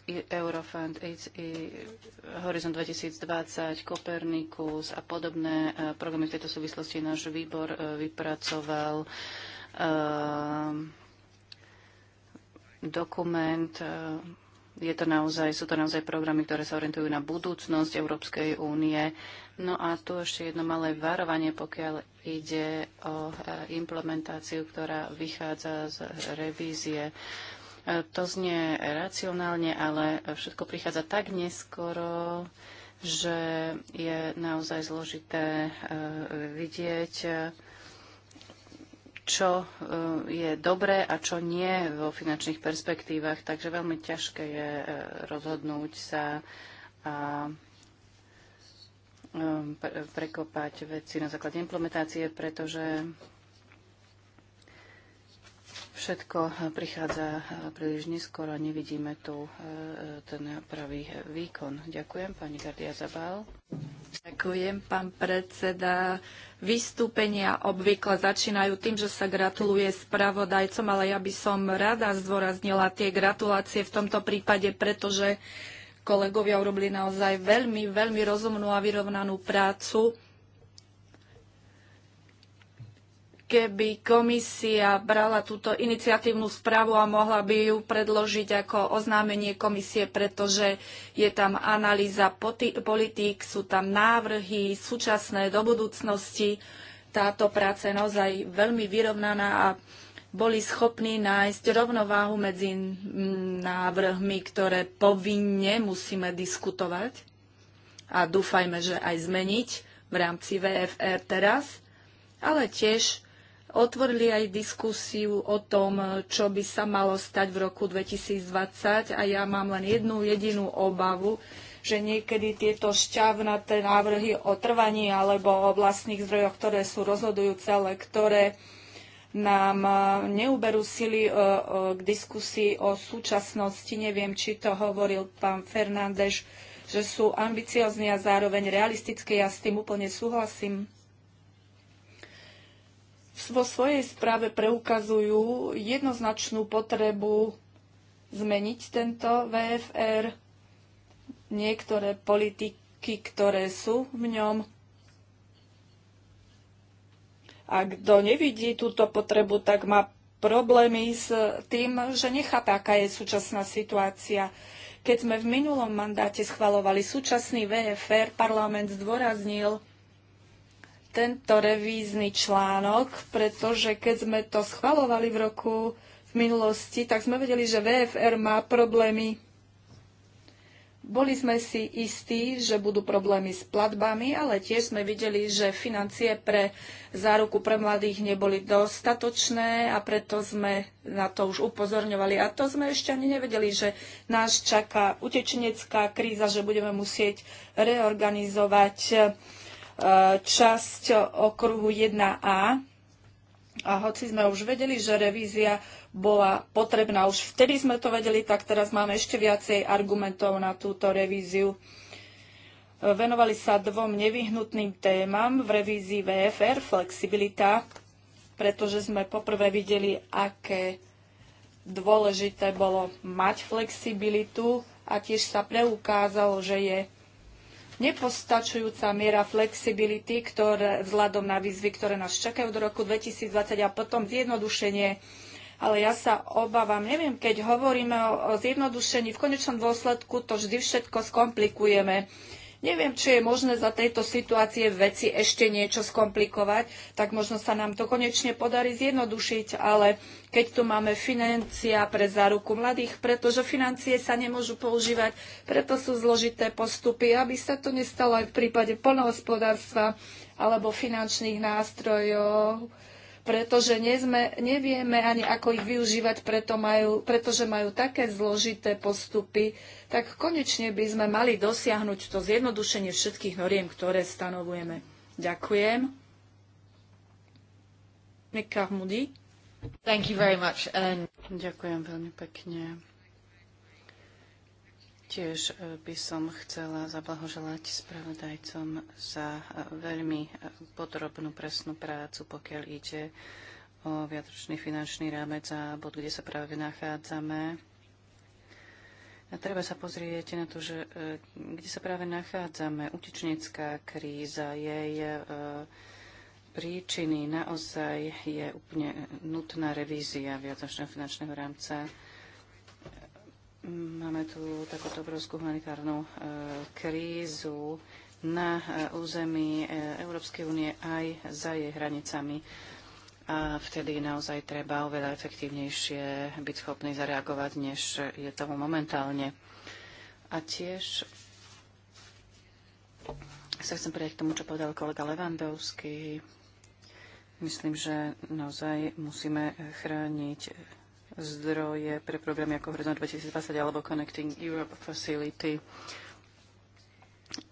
e, Eurofund, AIDS, e, Horizon 2020, Kopernikus a podobné e, programy v tejto súvislosti náš výbor e, vypracoval e, dokument. E, je to naozaj, sú to naozaj programy, ktoré sa orientujú na budúcnosť Európskej únie. No a tu ešte jedno malé varovanie, pokiaľ Ide o e, implementáciu, ktorá vychádza z revízie. E, to znie racionálne, ale všetko prichádza tak neskoro, že je naozaj zložité e, vidieť, čo je dobré a čo nie vo finančných perspektívach. Takže veľmi ťažké je rozhodnúť sa a Um, prekopať veci na základe implementácie, pretože všetko prichádza uh, príliš neskoro a nevidíme tu uh, ten pravý výkon. Ďakujem, pani Gardia Zabal. Ďakujem, pán predseda. Vystúpenia obvykle začínajú tým, že sa gratuluje spravodajcom, ale ja by som rada zdôraznila tie gratulácie v tomto prípade, pretože Kolegovia urobili naozaj veľmi, veľmi rozumnú a vyrovnanú prácu. Keby komisia brala túto iniciatívnu správu a mohla by ju predložiť ako oznámenie komisie, pretože je tam analýza politík, sú tam návrhy súčasné do budúcnosti. Táto práca je naozaj veľmi vyrovnaná a boli schopní nájsť rovnováhu medzi návrhmi, ktoré povinne musíme diskutovať a dúfajme, že aj zmeniť v rámci VFR teraz, ale tiež otvorili aj diskusiu o tom, čo by sa malo stať v roku 2020 a ja mám len jednu jedinú obavu, že niekedy tieto šťavnaté návrhy o trvaní alebo o vlastných zdrojoch, ktoré sú rozhodujúce, ale ktoré nám e, neuberú sily e, e, k diskusii o súčasnosti. Neviem, či to hovoril pán Fernández, že sú ambiciozni a zároveň realistické. Ja s tým úplne súhlasím. Vo svojej správe preukazujú jednoznačnú potrebu zmeniť tento VFR. Niektoré politiky, ktoré sú v ňom, a kto nevidí túto potrebu, tak má problémy s tým, že nechápe, aká je súčasná situácia. Keď sme v minulom mandáte schvalovali súčasný VFR, parlament zdôraznil tento revízny článok, pretože keď sme to schvalovali v roku v minulosti, tak sme vedeli, že VFR má problémy boli sme si istí, že budú problémy s platbami, ale tiež sme videli, že financie pre záruku pre mladých neboli dostatočné a preto sme na to už upozorňovali. A to sme ešte ani nevedeli, že nás čaká utečenecká kríza, že budeme musieť reorganizovať e, časť okruhu 1a. A hoci sme už vedeli, že revízia bola potrebná. Už vtedy sme to vedeli, tak teraz máme ešte viacej argumentov na túto revíziu. Venovali sa dvom nevyhnutným témam v revízii VFR, flexibilita, pretože sme poprvé videli, aké dôležité bolo mať flexibilitu a tiež sa preukázalo, že je nepostačujúca miera flexibility, ktoré, vzhľadom na výzvy, ktoré nás čakajú do roku 2020 a potom zjednodušenie ale ja sa obávam, neviem, keď hovoríme o, o zjednodušení, v konečnom dôsledku to vždy všetko skomplikujeme. Neviem, či je možné za tejto situácie veci ešte niečo skomplikovať, tak možno sa nám to konečne podarí zjednodušiť, ale keď tu máme financia pre záruku mladých, pretože financie sa nemôžu používať, preto sú zložité postupy, aby sa to nestalo aj v prípade polnohospodárstva alebo finančných nástrojov, pretože nie sme, nevieme ani ako ich využívať, preto majú, pretože majú také zložité postupy, tak konečne by sme mali dosiahnuť to zjednodušenie všetkých noriem, ktoré stanovujeme. Ďakujem. Thank you very much. And... Ďakujem veľmi pekne. Tiež e, by som chcela zablahoželať spravodajcom za e, veľmi e, podrobnú presnú prácu, pokiaľ ide o viacročný finančný rámec a bod, kde sa práve nachádzame. A treba sa pozrieť na to, že kde sa práve nachádzame. Utečnická kríza, jej príčiny naozaj je úplne nutná revízia viacročného finančného rámca Máme tu takúto obrovskú humanitárnu e, krízu na e, území e, Európskej únie aj za jej hranicami. A vtedy naozaj treba oveľa efektívnejšie byť schopný zareagovať, než je tomu momentálne. A tiež sa chcem pridať k tomu, čo povedal kolega Levandovský. Myslím, že naozaj musíme chrániť zdroje pre programy ako Horizont 2020 alebo Connecting Europe Facility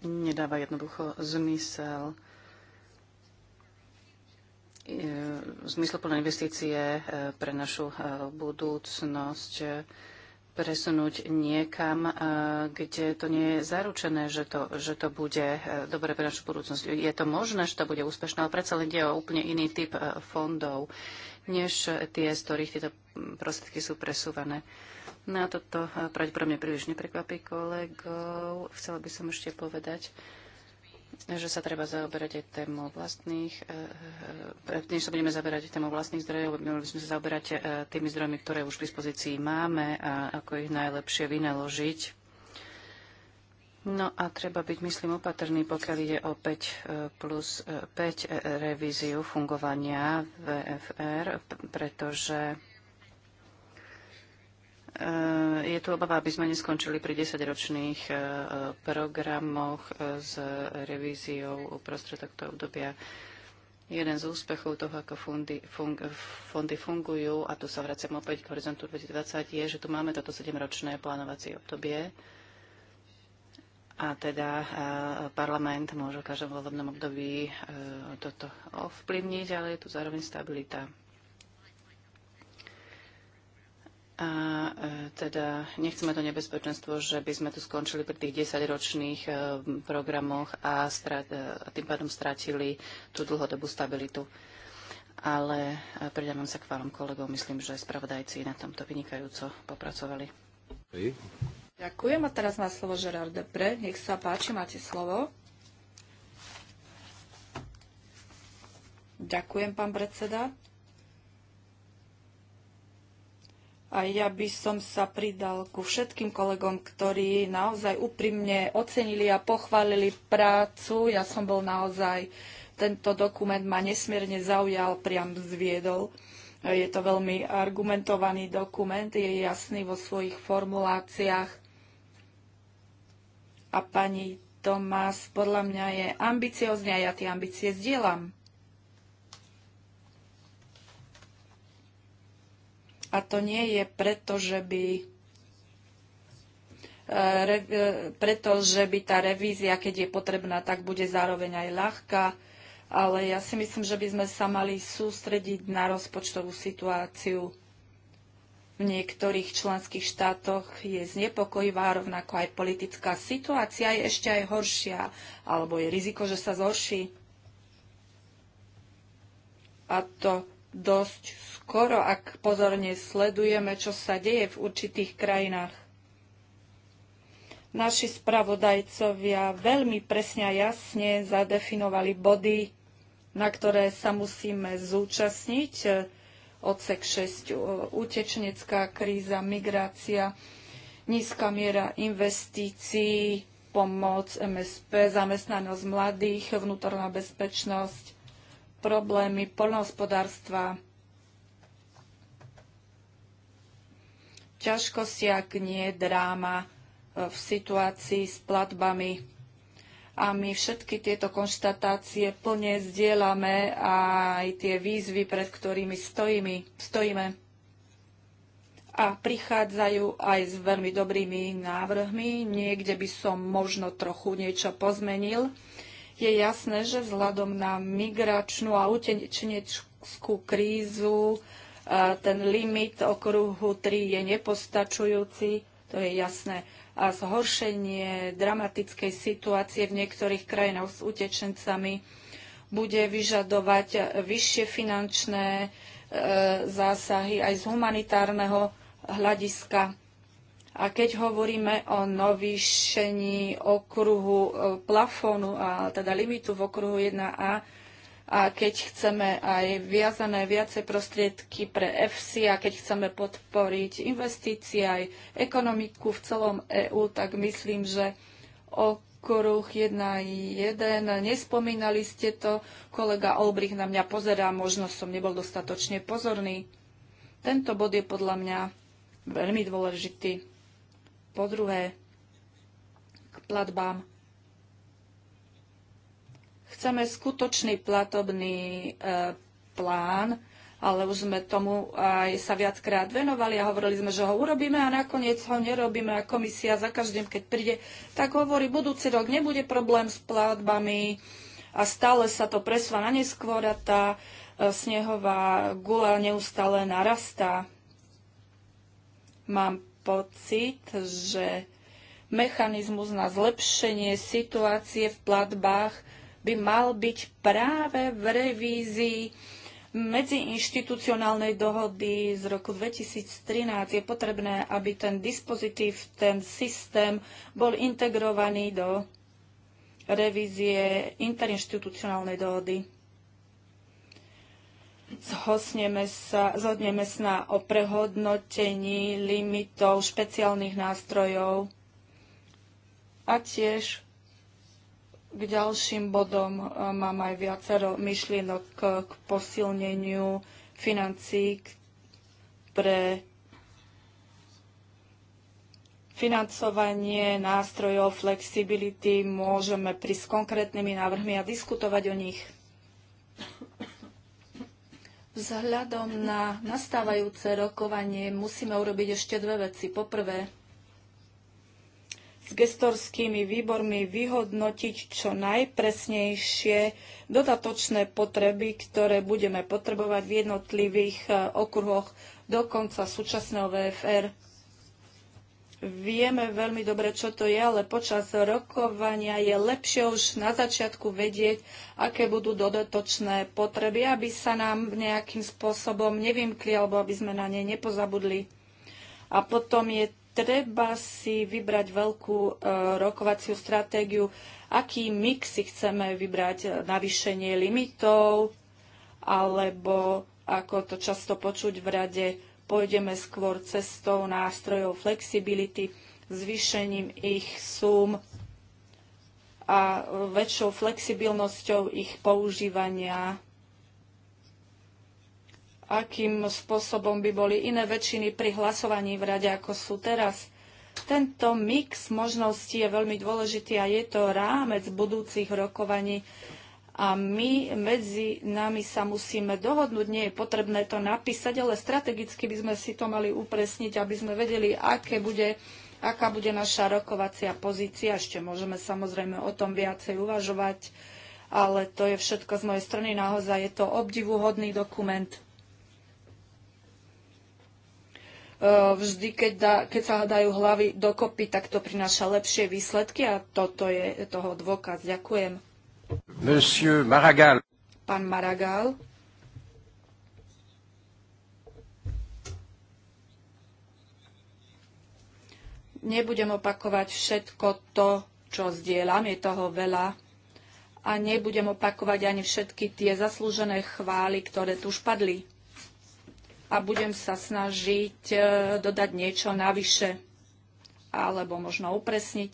nedáva jednoducho zmysel. E, zmysluplné investície e, pre našu e, budúcnosť presunúť niekam, kde to nie je zaručené, že to, že to bude dobre pre našu budúcnosť. Je to možné, že to bude úspešné, ale predsa len ide o úplne iný typ fondov než tie, z ktorých tieto prostriedky sú presúvané. Na no toto pravdepodobne príliš neprekvapí kolegov. Chcela by som ešte povedať, že sa treba zaoberať aj tému vlastných, eh, eh, eh, než sa budeme zaoberať tému vlastných zdrojov, mali by sme sa zaoberať tými zdrojmi, ktoré už k dispozícii máme a ako ich najlepšie vynaložiť No a treba byť, myslím, opatrný, pokiaľ ide o 5 e, plus 5 e, e, revíziu fungovania VFR, pretože je tu obava, aby sme neskončili pri 10-ročných programoch s revíziou uprostred tohto obdobia. Jeden z úspechov toho, ako fundy, fung, fondy fungujú, a tu sa vraciam opäť k horizontu 2020, je, že tu máme toto 7-ročné plánovacie obdobie a teda e, parlament môže v každom volebnom období e, toto ovplyvniť, ale je tu zároveň stabilita. A e, teda nechceme to nebezpečenstvo, že by sme tu skončili pri tých 10-ročných programoch a, tým pádom strátili tú dlhodobú stabilitu. Ale pridávam sa k vám kolegov, myslím, že spravodajci na tomto vynikajúco popracovali. Okay. Ďakujem a teraz má slovo Gerard Depre. Nech sa páči, máte slovo. Ďakujem, pán predseda. A ja by som sa pridal ku všetkým kolegom, ktorí naozaj úprimne ocenili a pochválili prácu. Ja som bol naozaj, tento dokument ma nesmierne zaujal, priam zviedol. Je to veľmi argumentovaný dokument, je jasný vo svojich formuláciách a pani Tomás podľa mňa je ambiciozný a ja tie ambície zdieľam. A to nie je preto, že by e, e, pretože by tá revízia, keď je potrebná, tak bude zároveň aj ľahká. Ale ja si myslím, že by sme sa mali sústrediť na rozpočtovú situáciu v niektorých členských štátoch je znepokojivá, rovnako aj politická situácia je ešte aj horšia, alebo je riziko, že sa zhorší. A to dosť skoro, ak pozorne sledujeme, čo sa deje v určitých krajinách. Naši spravodajcovia veľmi presne a jasne zadefinovali body, na ktoré sa musíme zúčastniť odsek 6, e, utečnecká kríza, migrácia, nízka miera investícií, pomoc MSP, zamestnanosť mladých, vnútorná bezpečnosť, problémy poľnohospodárstva, ťažkosti, ak nie dráma e, v situácii s platbami a my všetky tieto konštatácie plne zdieľame a aj tie výzvy, pred ktorými stojíme. A prichádzajú aj s veľmi dobrými návrhmi. Niekde by som možno trochu niečo pozmenil. Je jasné, že vzhľadom na migračnú a utečeneckú krízu eh, ten limit okruhu 3 je nepostačujúci. To je jasné a zhoršenie dramatickej situácie v niektorých krajinách s utečencami bude vyžadovať vyššie finančné e, zásahy aj z humanitárneho hľadiska. A keď hovoríme o novýšení okruhu e, plafónu, a teda limitu v okruhu 1a, a keď chceme aj viazané viacej prostriedky pre FC a keď chceme podporiť investície aj ekonomiku v celom EÚ, tak myslím, že okruh 1.1, nespomínali ste to, kolega Olbrich na mňa pozerá, možno som nebol dostatočne pozorný. Tento bod je podľa mňa veľmi dôležitý. Po druhé, k platbám Chceme skutočný platobný e, plán, ale už sme tomu aj sa viackrát venovali a hovorili sme, že ho urobíme a nakoniec ho nerobíme a komisia za každým, keď príde, tak hovorí, budúci rok nebude problém s platbami a stále sa to presva na neskôr a tá e, snehová gula neustále narastá. Mám pocit, že mechanizmus na zlepšenie situácie v platbách – by mal byť práve v revízii medziinštitucionálnej dohody z roku 2013 je potrebné, aby ten dispozitív, ten systém bol integrovaný do revízie interinštitucionálnej dohody. Zhosneme sa, zhodneme sa o prehodnotení limitov špeciálnych nástrojov a tiež k ďalším bodom e, mám aj viacero myšlienok k posilneniu financí pre financovanie nástrojov flexibility. Môžeme prísť s konkrétnymi návrhmi a diskutovať o nich. Vzhľadom na nastávajúce rokovanie musíme urobiť ešte dve veci. Poprvé, s gestorskými výbormi vyhodnotiť čo najpresnejšie dodatočné potreby, ktoré budeme potrebovať v jednotlivých e, okruhoch do konca súčasného VFR. Vieme veľmi dobre, čo to je, ale počas rokovania je lepšie už na začiatku vedieť, aké budú dodatočné potreby, aby sa nám nejakým spôsobom nevymkli alebo aby sme na ne nepozabudli. A potom je treba si vybrať veľkú e, rokovaciu stratégiu, aký mix si chceme vybrať, e, navýšenie limitov, alebo ako to často počuť v rade, pôjdeme skôr cestou nástrojov flexibility, zvýšením ich súm a e, väčšou flexibilnosťou ich používania akým spôsobom by boli iné väčšiny pri hlasovaní v rade, ako sú teraz. Tento mix možností je veľmi dôležitý a je to rámec budúcich rokovaní a my medzi nami sa musíme dohodnúť. Nie je potrebné to napísať, ale strategicky by sme si to mali upresniť, aby sme vedeli, aké bude, aká bude naša rokovacia pozícia. Ešte môžeme samozrejme o tom viacej uvažovať, ale to je všetko z mojej strany. Naozaj je to obdivuhodný dokument. E, vždy, keď, da, keď sa dajú hlavy dokopy, tak to prináša lepšie výsledky a toto je toho dôkaz. Ďakujem. Monsieur Maragall. Pán Maragall. Nebudem opakovať všetko to, čo zdieľam, je toho veľa. A nebudem opakovať ani všetky tie zaslúžené chvály, ktoré tu už padli a budem sa snažiť e, dodať niečo navyše alebo možno upresniť,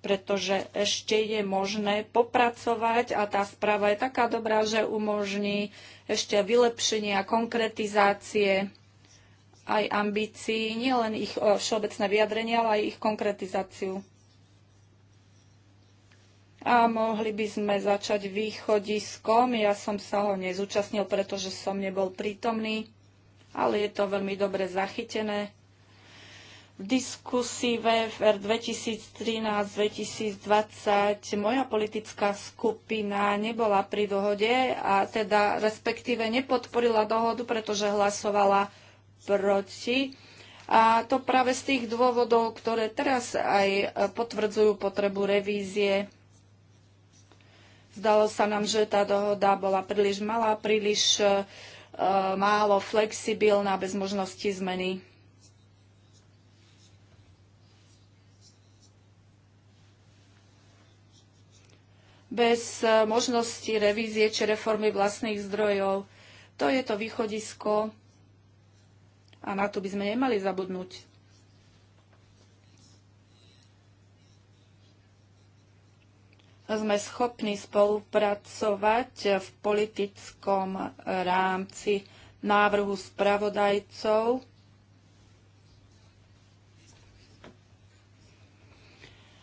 pretože ešte je možné popracovať a tá správa je taká dobrá, že umožní ešte vylepšenie a konkretizácie aj ambícií, nielen ich e, všeobecné vyjadrenie, ale aj ich konkretizáciu a mohli by sme začať východiskom. Ja som sa ho nezúčastnil, pretože som nebol prítomný, ale je to veľmi dobre zachytené. V diskusii VFR 2013-2020 moja politická skupina nebola pri dohode a teda respektíve nepodporila dohodu, pretože hlasovala proti. A to práve z tých dôvodov, ktoré teraz aj potvrdzujú potrebu revízie Zdalo sa nám, že tá dohoda bola príliš malá, príliš e, málo flexibilná, bez možnosti zmeny. Bez e, možnosti revízie či reformy vlastných zdrojov. To je to východisko a na to by sme nemali zabudnúť. sme schopní spolupracovať v politickom rámci návrhu spravodajcov.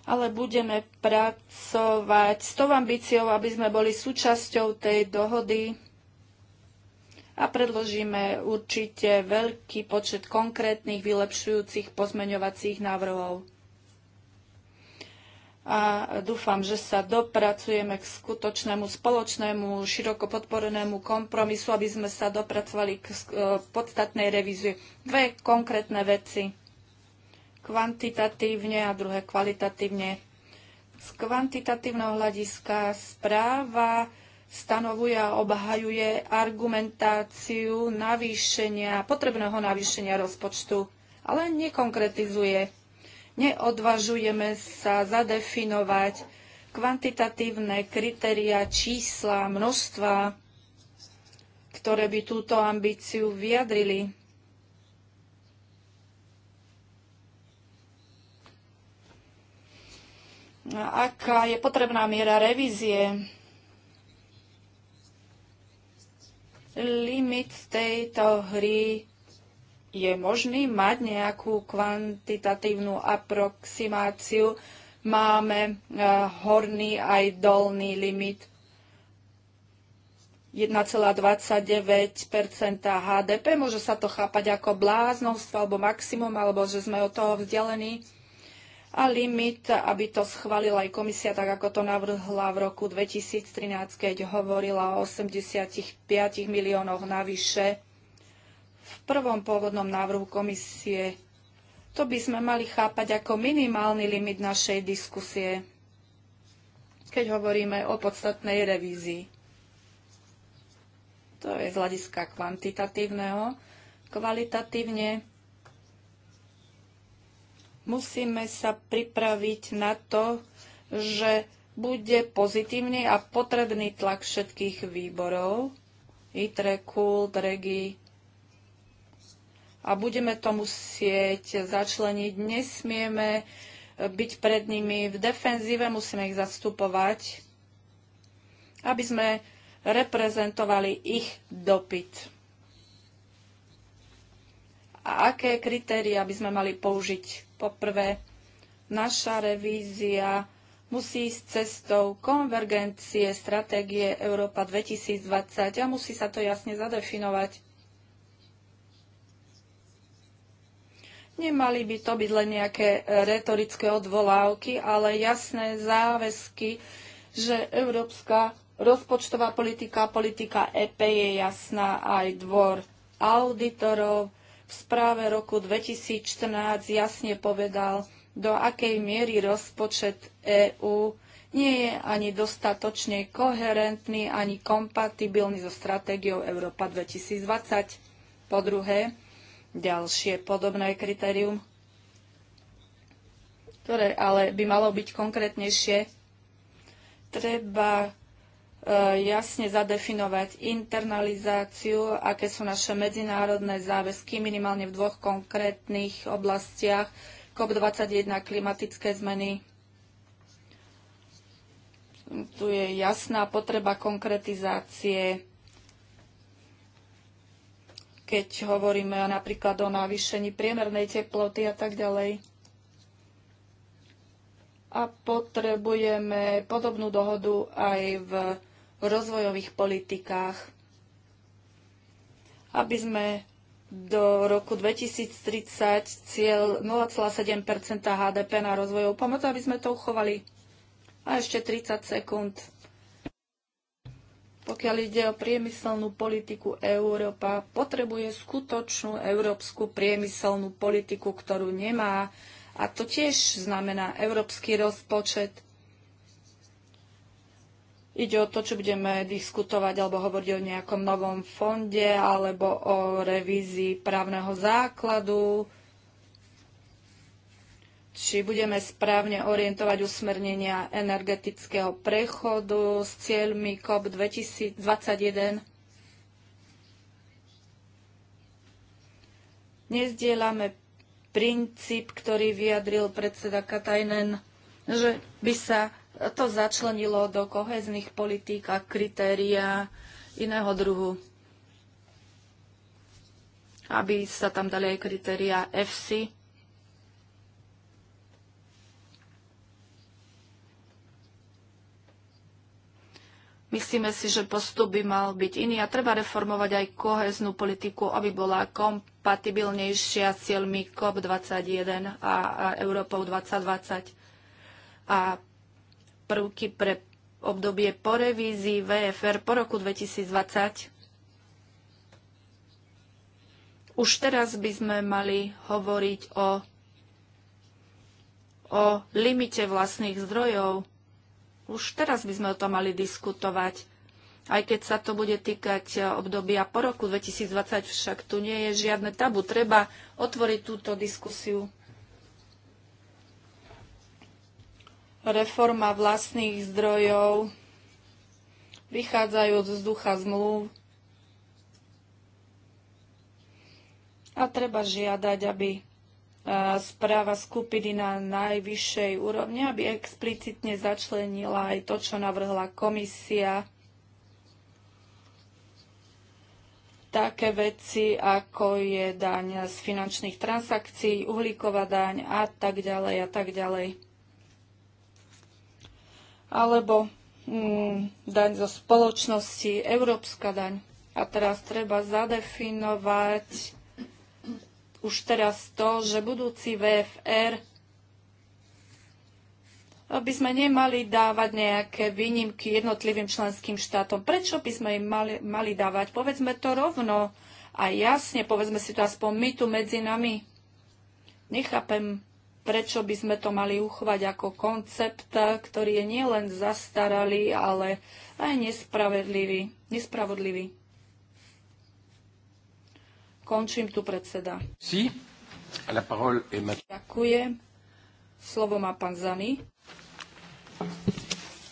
ale budeme pracovať s tou ambíciou, aby sme boli súčasťou tej dohody a predložíme určite veľký počet konkrétnych vylepšujúcich pozmeňovacích návrhov a dúfam, že sa dopracujeme k skutočnému spoločnému, široko podporenému kompromisu, aby sme sa dopracovali k e, podstatnej revízii. Dve konkrétne veci. Kvantitatívne a druhé kvalitatívne. Z kvantitatívneho hľadiska správa stanovuje a obhajuje argumentáciu navýšenia, potrebného navýšenia rozpočtu, ale nekonkretizuje Neodvažujeme sa zadefinovať kvantitatívne kritéria čísla, množstva, ktoré by túto ambíciu vyjadrili. aká je potrebná miera revízie. Limit tejto hry je možný mať nejakú kvantitatívnu aproximáciu. Máme e, horný aj dolný limit 1,29 HDP. Môže sa to chápať ako bláznostvo alebo maximum, alebo že sme od toho vzdelení. A limit, aby to schválila aj komisia, tak ako to navrhla v roku 2013, keď hovorila o 85 miliónoch navyše v prvom pôvodnom návrhu komisie. To by sme mali chápať ako minimálny limit našej diskusie, keď hovoríme o podstatnej revízii. To je z hľadiska kvantitatívneho. Kvalitatívne musíme sa pripraviť na to, že bude pozitívny a potrebný tlak všetkých výborov, ITRE, KULT, REGI, a budeme to musieť začleniť. Nesmieme eh, byť pred nimi v defenzíve, musíme ich zastupovať, aby sme reprezentovali ich dopyt. A aké kritéria by sme mali použiť? Poprvé, naša revízia musí ísť cestou konvergencie stratégie Európa 2020 a musí sa to jasne zadefinovať Nemali by to byť len nejaké e, retorické odvolávky, ale jasné záväzky, že európska rozpočtová politika, politika EP je jasná aj dvor auditorov. V správe roku 2014 jasne povedal, do akej miery rozpočet EÚ nie je ani dostatočne koherentný, ani kompatibilný so stratégiou Európa 2020. Po druhé, Ďalšie podobné kritérium, ktoré ale by malo byť konkrétnejšie, treba e, jasne zadefinovať internalizáciu, aké sú naše medzinárodné záväzky, minimálne v dvoch konkrétnych oblastiach. COP21 klimatické zmeny. Tu je jasná potreba konkretizácie keď hovoríme napríklad o navýšení priemernej teploty a tak ďalej. A potrebujeme podobnú dohodu aj v rozvojových politikách, aby sme do roku 2030 cieľ 0,7 HDP na rozvojovú pomoc, aby sme to uchovali. A ešte 30 sekúnd. Pokiaľ ide o priemyselnú politiku, Európa potrebuje skutočnú európsku priemyselnú politiku, ktorú nemá. A to tiež znamená európsky rozpočet. Ide o to, čo budeme diskutovať alebo hovoriť o nejakom novom fonde alebo o revízii právneho základu či budeme správne orientovať usmernenia energetického prechodu s cieľmi COP 2021. Nezdielame princíp, ktorý vyjadril predseda Katajnen, že by sa to začlenilo do kohezných politík a kritéria iného druhu. Aby sa tam dali aj kritéria EFSI, Myslíme si, že postup by mal byť iný a treba reformovať aj koheznú politiku, aby bola kompatibilnejšia s cieľmi COP21 a, Európou 2020 a prvky pre obdobie po revízii VFR po roku 2020. Už teraz by sme mali hovoriť o, o limite vlastných zdrojov už teraz by sme o tom mali diskutovať. Aj keď sa to bude týkať e, obdobia po roku 2020, však tu nie je žiadne tabu. Treba otvoriť túto diskusiu. Reforma vlastných zdrojov, vychádzajúc z ducha zmluv, a treba žiadať, aby správa skupiny na najvyššej úrovni, aby explicitne začlenila aj to, čo navrhla komisia. Také veci, ako je daň z finančných transakcií, uhlíková daň a tak ďalej a tak ďalej. Alebo mm, daň zo spoločnosti, európska daň. A teraz treba zadefinovať už teraz to, že budúci VFR by sme nemali dávať nejaké výnimky jednotlivým členským štátom. Prečo by sme im mali, mali dávať? Povedzme to rovno a jasne, povedzme si to aspoň my tu medzi nami. Nechápem, prečo by sme to mali uchovať ako koncept, ktorý je nielen zastaralý, ale aj nespravedlivý. nespravodlivý. Končím tu predseda. Si. La parole est ma... Ďakujem. Slovo má pán Zany.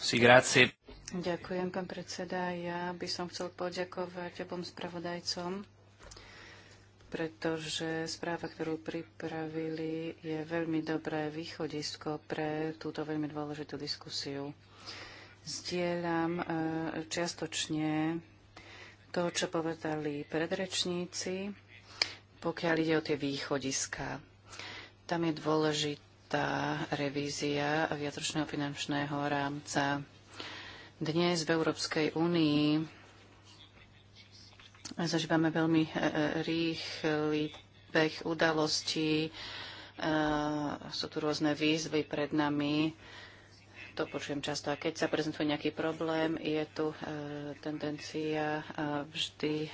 Si, grazie. Ďakujem, pán predseda. Ja by som chcel poďakovať obom spravodajcom, pretože správa, ktorú pripravili, je veľmi dobré východisko pre túto veľmi dôležitú diskusiu. Zdieľam e, čiastočne to, čo povedali predrečníci pokiaľ ide o tie východiska, tam je dôležitá revízia viatročného finančného rámca. Dnes v Európskej únii zažívame veľmi e, e, rýchly beh udalostí, e, sú tu rôzne výzvy pred nami, to počujem často. A keď sa prezentuje nejaký problém, je tu tendencia vždy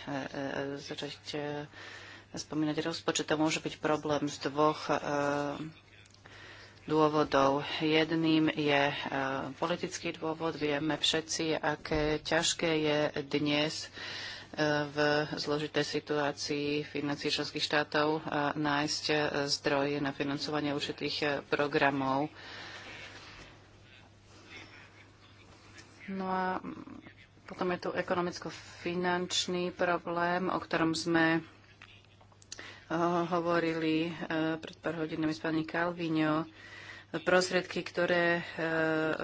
začať spomínať rozpočet, to môže byť problém z dvoch e, dôvodov. Jedným je e, politický dôvod. Vieme všetci, aké ťažké je dnes e, v zložitej situácii financí členských štátov nájsť zdroje na financovanie určitých programov. No a mm, potom je tu ekonomicko-finančný problém, o ktorom sme hovorili e, pred pár hodinami s pani Kalvíňo. prostriedky, ktoré e,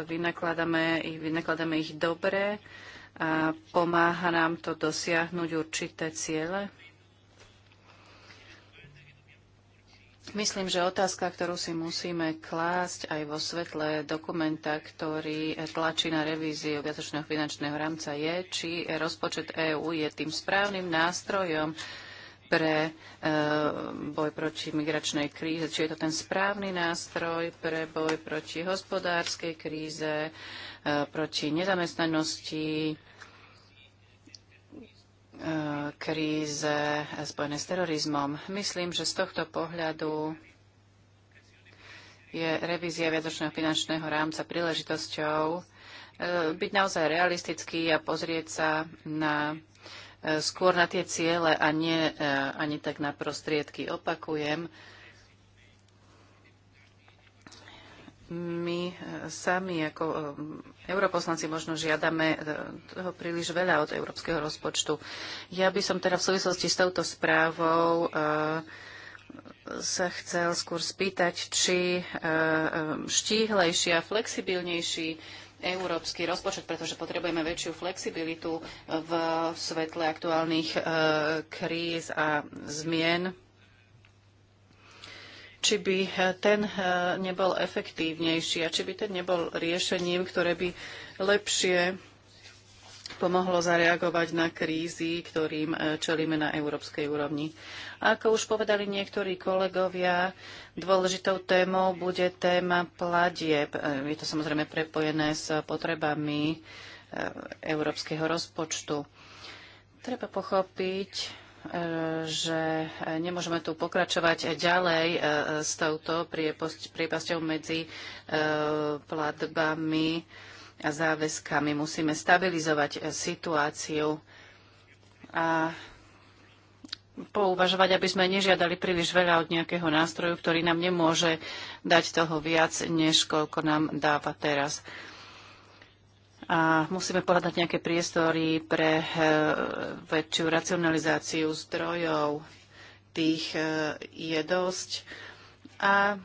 vynakladáme, ich, vynakladáme ich dobre a pomáha nám to dosiahnuť určité ciele? Myslím, že otázka, ktorú si musíme klásť aj vo svetle dokumenta, ktorý tlačí na revíziu viacročného finančného rámca, je, či rozpočet EÚ je tým správnym nástrojom, pre e, boj proti migračnej kríze, či je to ten správny nástroj pre boj proti hospodárskej kríze, e, proti nezamestnanosti, e, kríze spojené s terorizmom. Myslím, že z tohto pohľadu je revízia viadočného finančného rámca príležitosťou byť naozaj realistický a pozrieť sa na E, skôr na tie ciele a nie e, ani tak na prostriedky. Opakujem, my e, sami ako europoslanci možno žiadame toho príliš veľa od európskeho rozpočtu. Ja by som teda v súvislosti s touto správou sa chcel skôr spýtať, či štíhlejší a flexibilnejší európsky rozpočet, pretože potrebujeme väčšiu flexibilitu e, v svetle aktuálnych e, kríz a zmien či by e, ten nebol efektívnejší a či by ten nebol riešením, ktoré by lepšie pomohlo zareagovať na krízy, ktorým e, čelíme na európskej úrovni. Ako už povedali niektorí kolegovia, dôležitou témou bude téma pladieb. E, je to samozrejme prepojené s potrebami e, európskeho rozpočtu. Treba pochopiť, že nemôžeme tu pokračovať ďalej s touto priepasťou medzi platbami záväzkami. Musíme stabilizovať eh, situáciu a pouvažovať, aby sme nežiadali príliš veľa od nejakého nástroju, ktorý nám nemôže dať toho viac, než koľko nám dáva teraz. A musíme pohľadať nejaké priestory pre eh, väčšiu racionalizáciu zdrojov. Tých eh, je dosť. A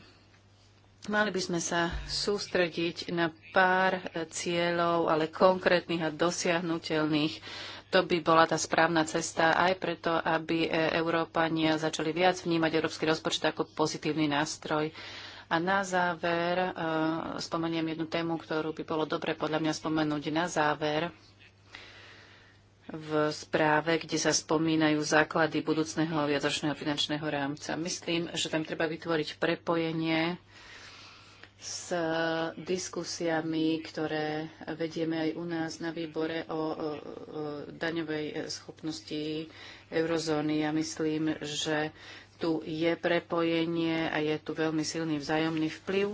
Mali by sme sa sústrediť na pár cieľov, ale konkrétnych a dosiahnutelných. To by bola tá správna cesta aj preto, aby e, Európania začali viac vnímať európsky rozpočet ako pozitívny nástroj. A na záver e, spomeniem jednu tému, ktorú by bolo dobre podľa mňa spomenúť na záver v správe, kde sa spomínajú základy budúcneho viacročného finančného rámca. Myslím, že tam treba vytvoriť prepojenie s diskusiami, ktoré vedieme aj u nás na výbore o, daňovej schopnosti eurozóny. Ja myslím, že tu je prepojenie a je tu veľmi silný vzájomný vplyv,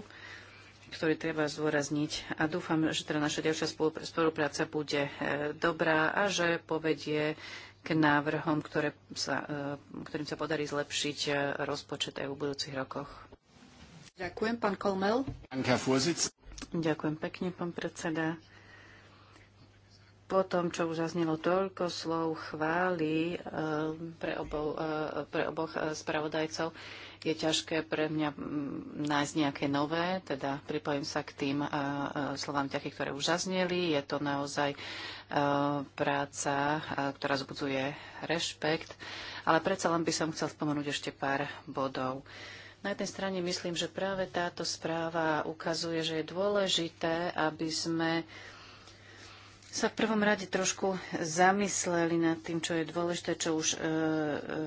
ktorý treba zdôrazniť. A dúfam, že teda naša ďalšia spolupráca bude e, dobrá a že povedie k návrhom, ktoré sa, e, ktorým sa podarí zlepšiť e, rozpočet EU v budúcich rokoch. Ďakujem, pán Kolmel. Ďakujem pekne, pán predseda. Po tom, čo už zaznelo toľko slov chvály eh, pre, eh, pre oboch eh, spravodajcov, je ťažké pre mňa mm, nájsť nejaké nové, teda pripojím sa k tým slovám ťahy, ktoré už zazneli. Je to naozaj práca, ktorá zbudzuje rešpekt, ale predsa len by som chcel spomenúť ešte pár bodov. Na jednej strane myslím, že práve táto správa ukazuje, že je dôležité, aby sme sa v prvom rade trošku zamysleli nad tým, čo je dôležité, čo už e, e,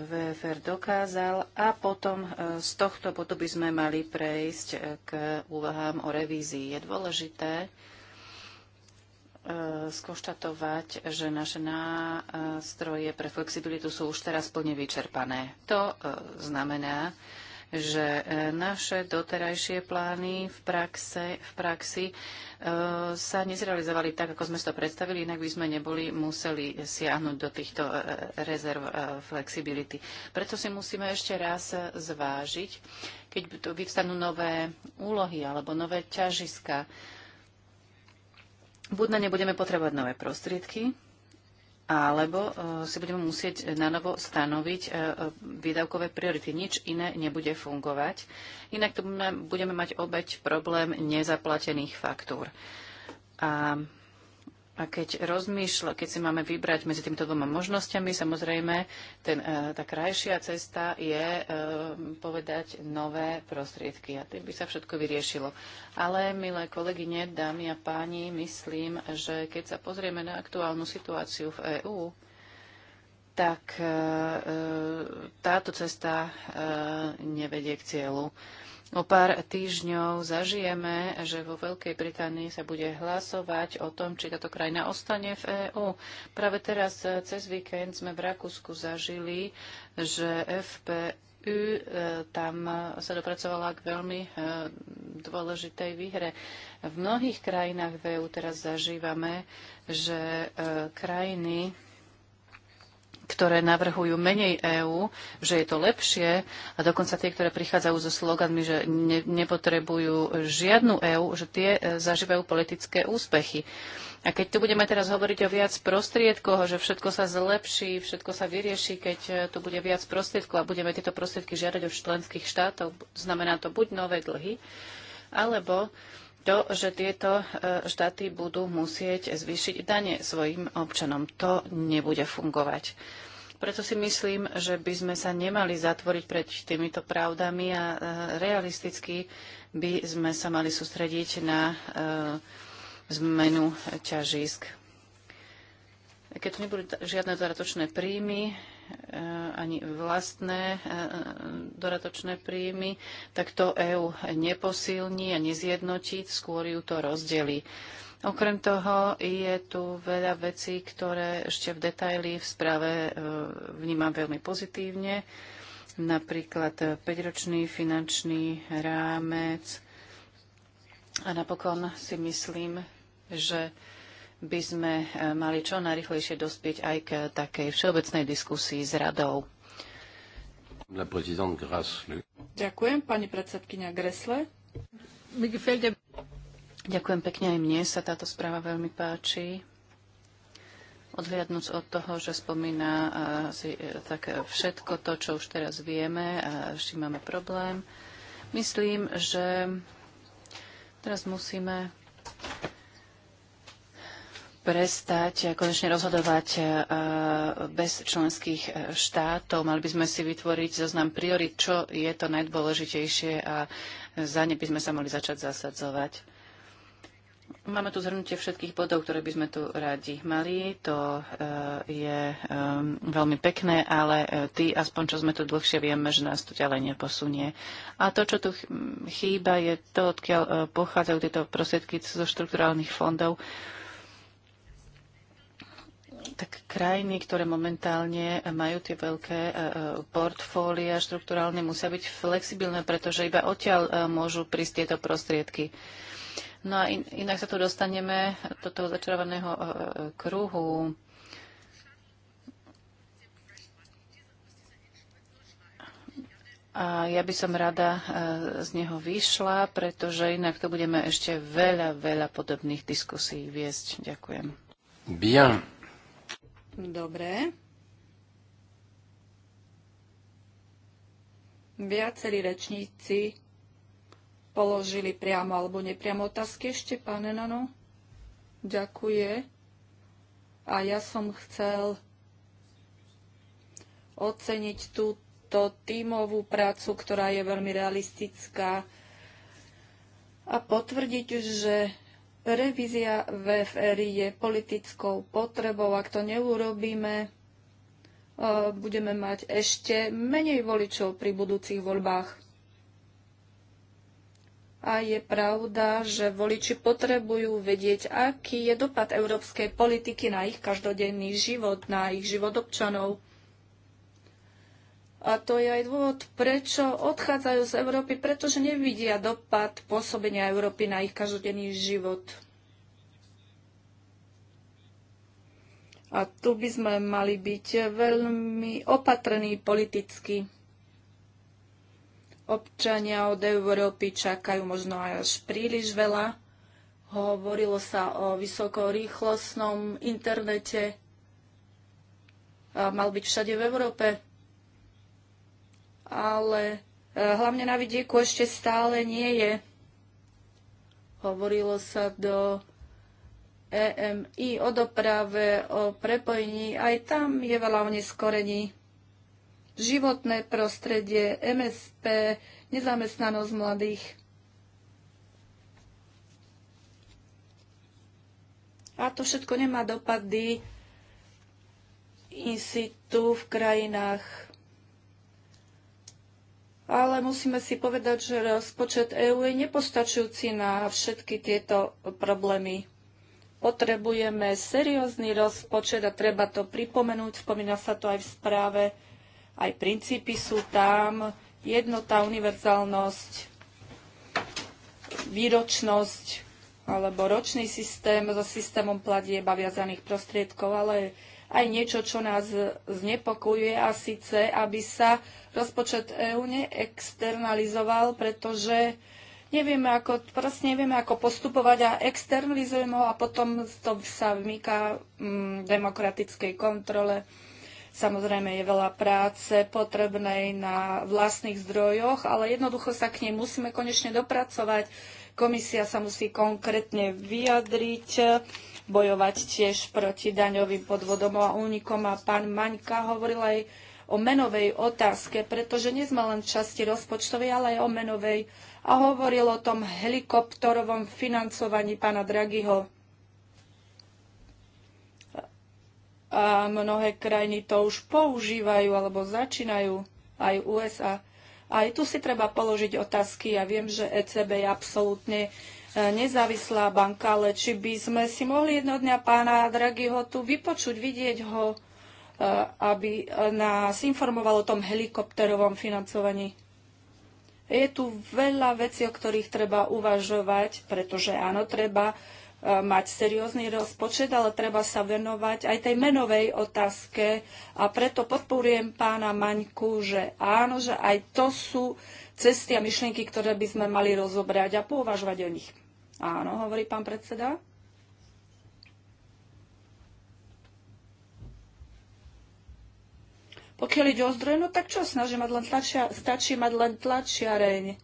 VFR dokázal a potom e, z tohto bodu by sme mali prejsť k úvahám o revízii. Je dôležité skonštatovať, že naše nástroje pre flexibilitu sú už teraz plne vyčerpané. To znamená, že e, naše doterajšie plány v, praxe, v praxi e, sa nezrealizovali tak, ako sme si to predstavili, inak by sme neboli museli siahnuť do týchto e, rezerv flexibility. Preto si musíme ešte raz zvážiť, keď tu vyvstanú nové úlohy alebo nové ťažiska. Buď na ne budeme potrebovať nové prostriedky, alebo e, si budeme musieť e, nanovo stanoviť e, výdavkové priority. Nič iné nebude fungovať. Inak tu budeme mať obeď problém nezaplatených faktúr. A a keď rozmýšľa, keď si máme vybrať medzi týmito dvoma možnosťami, samozrejme, ten, e, tá krajšia cesta je e, povedať nové prostriedky a tým by sa všetko vyriešilo. Ale, milé kolegyne, dámy a páni, myslím, že keď sa pozrieme na aktuálnu situáciu v EÚ, tak e, táto cesta nevedie k cieľu. O pár týždňov zažijeme, že vo Veľkej Británii sa bude hlasovať o tom, či táto krajina ostane v EÚ. Práve teraz eh, cez víkend sme v Rakúsku zažili, že FPU eh, tam eh, sa dopracovala k veľmi dôležitej výhre. V mnohých krajinách v EÚ teraz zažívame, že krajiny ktoré navrhujú menej EÚ, že je to lepšie a dokonca tie, ktoré prichádzajú so sloganmi, že ne, nepotrebujú žiadnu EÚ, že tie e, zažívajú politické úspechy. A keď tu budeme teraz hovoriť o viac prostriedkoch, že všetko sa zlepší, všetko sa vyrieši, keď e, tu bude viac prostriedkov a budeme tieto prostriedky žiadať od členských štátov, znamená to buď nové dlhy, alebo to, že tieto e, štáty budú musieť zvýšiť dane svojim občanom. To nebude fungovať. Preto si myslím, že by sme sa nemali zatvoriť pred týmito pravdami a e, realisticky by sme sa mali sústrediť na e, zmenu ťažisk. Keď tu nebudú žiadne zaratočné príjmy, Eh, ani vlastné eh, doratočné príjmy, tak to EÚ neposilní a nezjednotí, skôr ju to rozdelí. Okrem toho je tu veľa vecí, ktoré ešte v detaily v správe eh, vnímam veľmi pozitívne. Napríklad 5-ročný finančný rámec. A napokon si myslím, že by sme e, mali čo najrychlejšie dospieť aj k takej všeobecnej diskusii s radou. Ďakujem, pani predsedkynia Gresle. Ďakujem pekne aj mne, sa táto správa veľmi páči. Odhliadnúc od toho, že spomína asi e, e, tak všetko to, čo už teraz vieme a ešte čím máme problém, myslím, že teraz musíme prestať konečne rozhodovať e, bez členských e, štátov. Mali by sme si vytvoriť zoznam priorit, čo je to najdôležitejšie a za ne by sme sa mali začať zasadzovať. Máme tu zhrnutie všetkých bodov, ktoré by sme tu radi mali. To e, je veľmi pekné, ale ty, aspoň čo sme tu dlhšie, vieme, že nás tu ďalej neposunie. A to, čo tu chýba, je to, odkiaľ pochádzajú tieto prostriedky zo štrukturálnych fondov tak krajiny, ktoré momentálne majú tie veľké e, e, portfólia štruktúralne, musia byť flexibilné, pretože iba odtiaľ e, môžu prísť tieto prostriedky. No a in, inak sa tu dostaneme do toho začarovaného kruhu. A ja by som rada z neho vyšla, pretože inak to budeme ešte veľa, veľa podobných diskusí viesť. Ďakujem. Bien. Dobre. Viacerí rečníci položili priamo alebo nepriamo otázky ešte, pán Enano. Ďakuje. A ja som chcel oceniť túto tímovú prácu, ktorá je veľmi realistická a potvrdiť, že Revízia VFR je politickou potrebou. Ak to neurobíme, e, budeme mať ešte menej voličov pri budúcich voľbách. A je pravda, že voliči potrebujú vedieť, aký je dopad európskej politiky na ich každodenný život, na ich život občanov. A to je aj dôvod, prečo odchádzajú z Európy, pretože nevidia dopad pôsobenia Európy na ich každodenný život. A tu by sme mali byť veľmi opatrní politicky. Občania od Európy čakajú možno až príliš veľa. Hovorilo sa o vysokorýchlostnom internete. A mal byť všade v Európe ale e, hlavne na vidieku ešte stále nie je. Hovorilo sa do EMI o doprave, o prepojení, aj tam je veľa neskorení. Životné prostredie, MSP, nezamestnanosť mladých. A to všetko nemá dopady in situ v krajinách ale musíme si povedať, že rozpočet EÚ je nepostačujúci na všetky tieto problémy. Potrebujeme seriózny rozpočet a treba to pripomenúť, spomína sa to aj v správe, aj princípy sú tam, jednota, univerzálnosť, výročnosť alebo ročný systém so systémom platieb a viazaných prostriedkov, ale aj niečo, čo nás znepokojuje a síce, aby sa rozpočet EÚ neexternalizoval, pretože nevieme ako, presne nevieme, ako postupovať a externalizujeme ho a potom to sa vmýka mm, demokratickej kontrole. Samozrejme je veľa práce potrebnej na vlastných zdrojoch, ale jednoducho sa k nej musíme konečne dopracovať. Komisia sa musí konkrétne vyjadriť bojovať tiež proti daňovým podvodom a únikom. A pán Maňka hovoril aj o menovej otázke, pretože nie sme len v časti rozpočtovej, ale aj o menovej. A hovoril o tom helikoptorovom financovaní pána Dragiho. A mnohé krajiny to už používajú alebo začínajú, aj USA. Aj tu si treba položiť otázky. Ja viem, že ECB je absolútne E, nezávislá banka, ale či by sme si mohli jedno dňa pána Dragiho tu vypočuť, vidieť ho, e, aby nás informoval o tom helikopterovom financovaní. Je tu veľa vecí, o ktorých treba uvažovať, pretože áno, treba e, mať seriózny rozpočet, ale treba sa venovať aj tej menovej otázke a preto podporujem pána Maňku, že áno, že aj to sú cesty a myšlienky, ktoré by sme mali rozobrať a pouvažovať o nich. Áno, hovorí pán predseda. Pokiaľ ide o zdroje, no tak čo, snažím mať len tlačia, stačí mať len tlačiareň.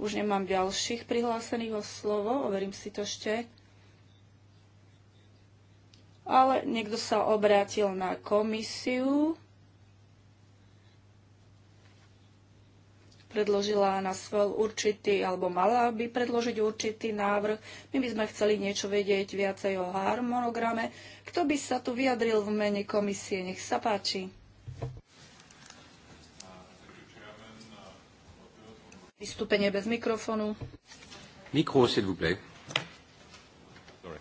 Už nemám ďalších prihlásených o slovo, overím si to ešte. Ale niekto sa obrátil na komisiu. predložila na schvál určitý, alebo mala by predložiť určitý návrh. My by sme chceli niečo vedieť viacej o harmonograme. Kto by sa tu vyjadril v mene komisie? Nech sa páči. Vystúpenie bez mikrofónu. Mikro, s'il vous plaît. Sorry.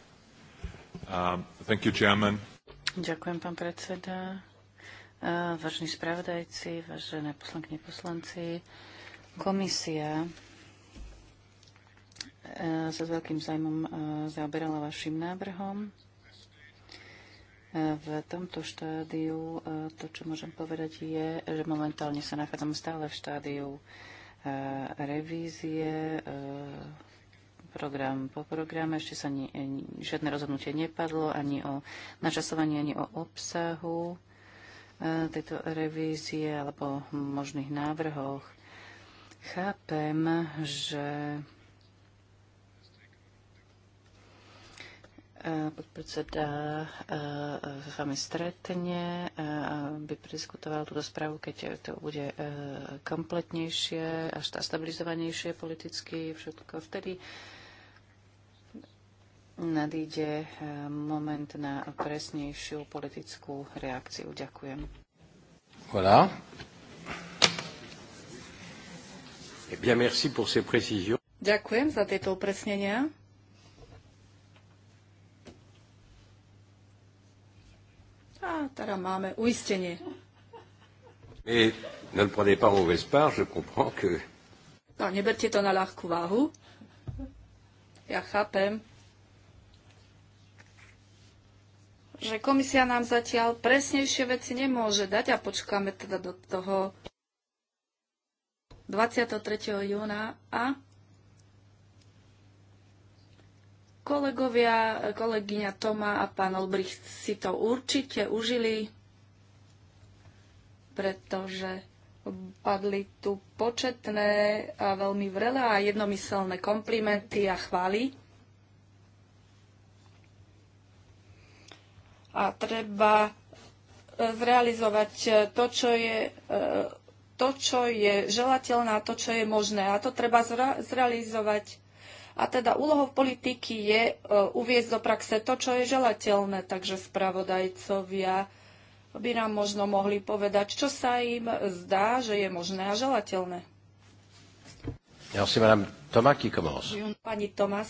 Uh, thank you, chairman. Ďakujem, pán predseda. Uh, vážení spravodajci, vážené poslankyne, poslanci, Komisia e, sa s veľkým zájmom e, zaoberala vašim návrhom. E, v tomto štádiu to, čo môžem povedať, je, že momentálne sa nachádzam stále v štádiu revízie, program po programe. Ešte sa ni, žiadne rozhodnutie nepadlo ani o načasovaní, ani o obsahu tejto revízie alebo možných návrhoch. Chápem, že e, podpredseda e, e, s vami stretne, aby prediskutoval túto správu, keď to bude kompletnejšie až stabilizovanejšie politicky všetko. Vtedy nadíde moment na presnejšiu politickú reakciu. Ďakujem. Voilà. Eh bien, merci pour ces précisions. Ďakujem za tieto upresnenia. A teda máme uistenie. ne le prenez pas mauvaise part, je comprends que... No, neberte to na ľahkú váhu. Ja chápem, že komisia nám zatiaľ presnejšie veci nemôže dať a počkáme teda do toho 23. júna a kolegovia, kolegyňa Toma a pán Olbricht si to určite užili, pretože padli tu početné a veľmi vrelé a jednomyselné komplimenty a chvály. A treba zrealizovať to, čo je e, to, čo je želateľné a to, čo je možné. A to treba zrealizovať. A teda úlohou politiky je e, uviezť do praxe to, čo je želateľné. Takže spravodajcovia by nám možno mohli povedať, čo sa im zdá, že je možné a želateľné. Merci, madame Thomas, qui commence. Pani Tomas.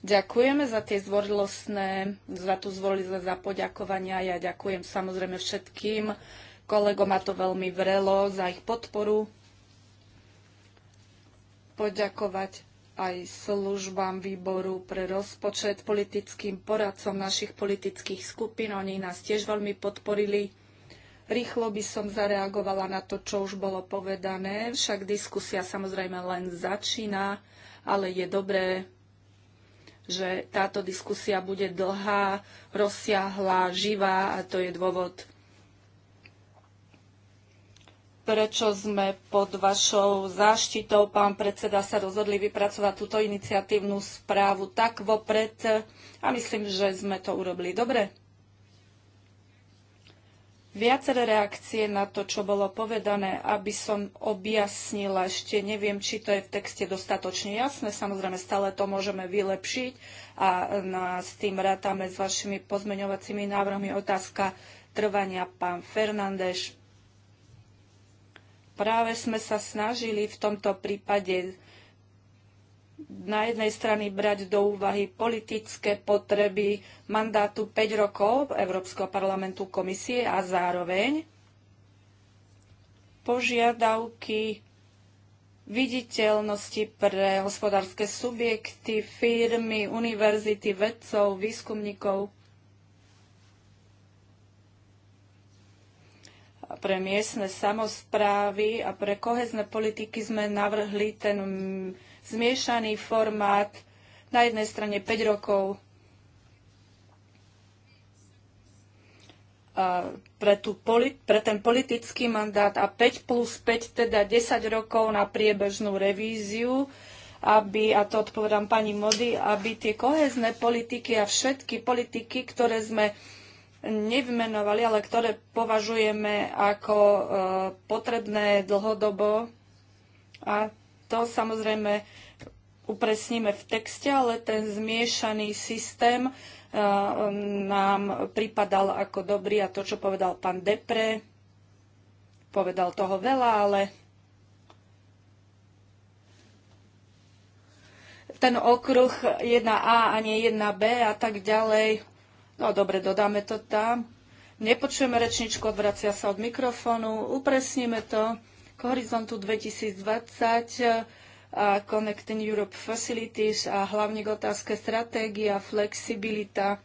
Ďakujeme za tie zvorilostné, za tú zvorilosť, za poďakovania. Ja ďakujem samozrejme všetkým kolegom a to veľmi vrelo za ich podporu. Poďakovať aj službám výboru pre rozpočet, politickým poradcom našich politických skupín. Oni nás tiež veľmi podporili. Rýchlo by som zareagovala na to, čo už bolo povedané. Však diskusia samozrejme len začína, ale je dobré, že táto diskusia bude dlhá, rozsiahla, živá a to je dôvod, prečo sme pod vašou záštitou, pán predseda, sa rozhodli vypracovať túto iniciatívnu správu tak vopred a myslím, že sme to urobili dobre. Viaceré reakcie na to, čo bolo povedané, aby som objasnila, ešte neviem, či to je v texte dostatočne jasné, samozrejme stále to môžeme vylepšiť a na, s tým rátame s vašimi pozmeňovacími návrhmi otázka trvania pán Fernández práve sme sa snažili v tomto prípade na jednej strane brať do úvahy politické potreby mandátu 5 rokov Európskeho parlamentu komisie a zároveň požiadavky viditeľnosti pre hospodárske subjekty, firmy, univerzity, vedcov, výskumníkov. pre miestne samozprávy a pre kohezné politiky sme navrhli ten mm, zmiešaný formát na jednej strane 5 rokov pre, tú, pre ten politický mandát a 5 plus 5, teda 10 rokov na priebežnú revíziu, aby, a to odpovedám pani Mody, aby tie kohezné politiky a všetky politiky, ktoré sme nevymenovali, ale ktoré považujeme ako e, potrebné dlhodobo. A to samozrejme upresníme v texte, ale ten zmiešaný systém e, nám pripadal ako dobrý a to, čo povedal pán Depre, povedal toho veľa, ale ten okruh 1A a nie 1B a tak ďalej, No dobre, dodáme to tam. Nepočujeme rečničku, odvracia sa od mikrofónu. Upresníme to k horizontu 2020 eh, a Connecting Europe Facilities a hlavne k otázke stratégia, flexibilita.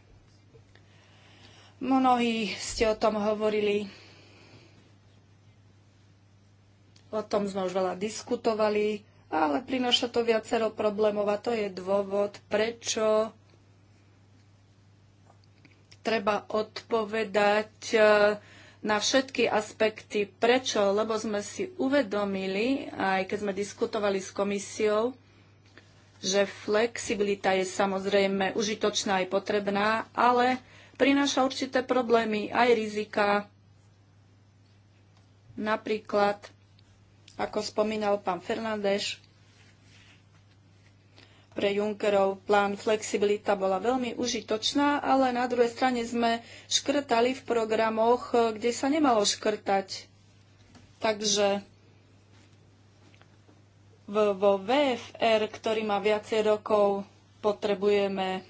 Mnohí ste o tom hovorili. O tom sme už veľa diskutovali, ale prináša to viacero problémov a to je dôvod, prečo treba odpovedať e, na všetky aspekty. Prečo? Lebo sme si uvedomili, aj keď sme diskutovali s komisiou, že flexibilita je samozrejme užitočná aj potrebná, ale prináša určité problémy, aj rizika. Napríklad, ako spomínal pán Fernández, pre Junckerov plán flexibilita bola veľmi užitočná, ale na druhej strane sme škrtali v programoch, eh, kde sa nemalo škrtať. Takže vo VFR, ktorý má viacej rokov, potrebujeme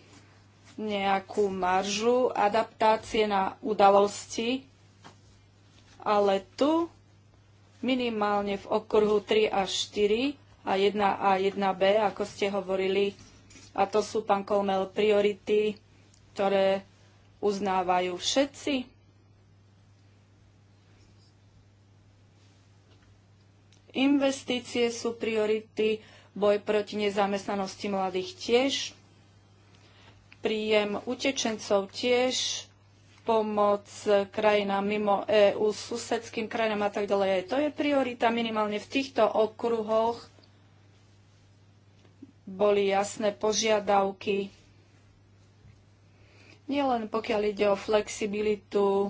nejakú maržu adaptácie na udalosti, ale tu minimálne v okruhu 3 až 4 a 1 a 1b, ako ste hovorili. A to sú, pán Kolmel, priority, ktoré uznávajú všetci. Investície sú priority, boj proti nezamestnanosti mladých tiež, príjem utečencov tiež, pomoc krajinám mimo EÚ, susedským krajinám a tak ďalej. To je priorita minimálne v týchto okruhoch boli jasné požiadavky. Nielen pokiaľ ide o flexibilitu,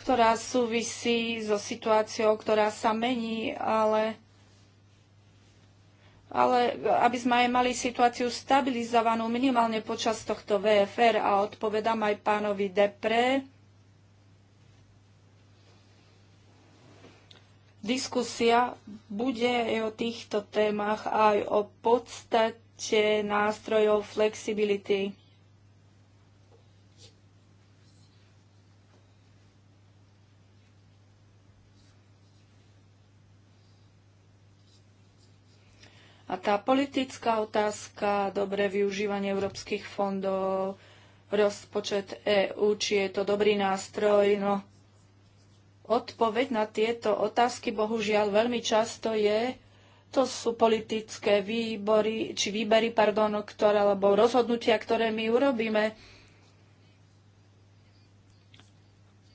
ktorá súvisí so situáciou, ktorá sa mení, ale, ale aby sme aj mali situáciu stabilizovanú minimálne počas tohto VFR a odpovedám aj pánovi Depre, Diskusia bude aj o týchto témach aj o podstate nástrojov flexibility. A tá politická otázka, dobre využívanie európskych fondov, rozpočet EÚ, či je to dobrý nástroj, no Odpoveď na tieto otázky bohužiaľ veľmi často je, to sú politické výbory, či výbery, pardon, ktoré, alebo rozhodnutia, ktoré my urobíme.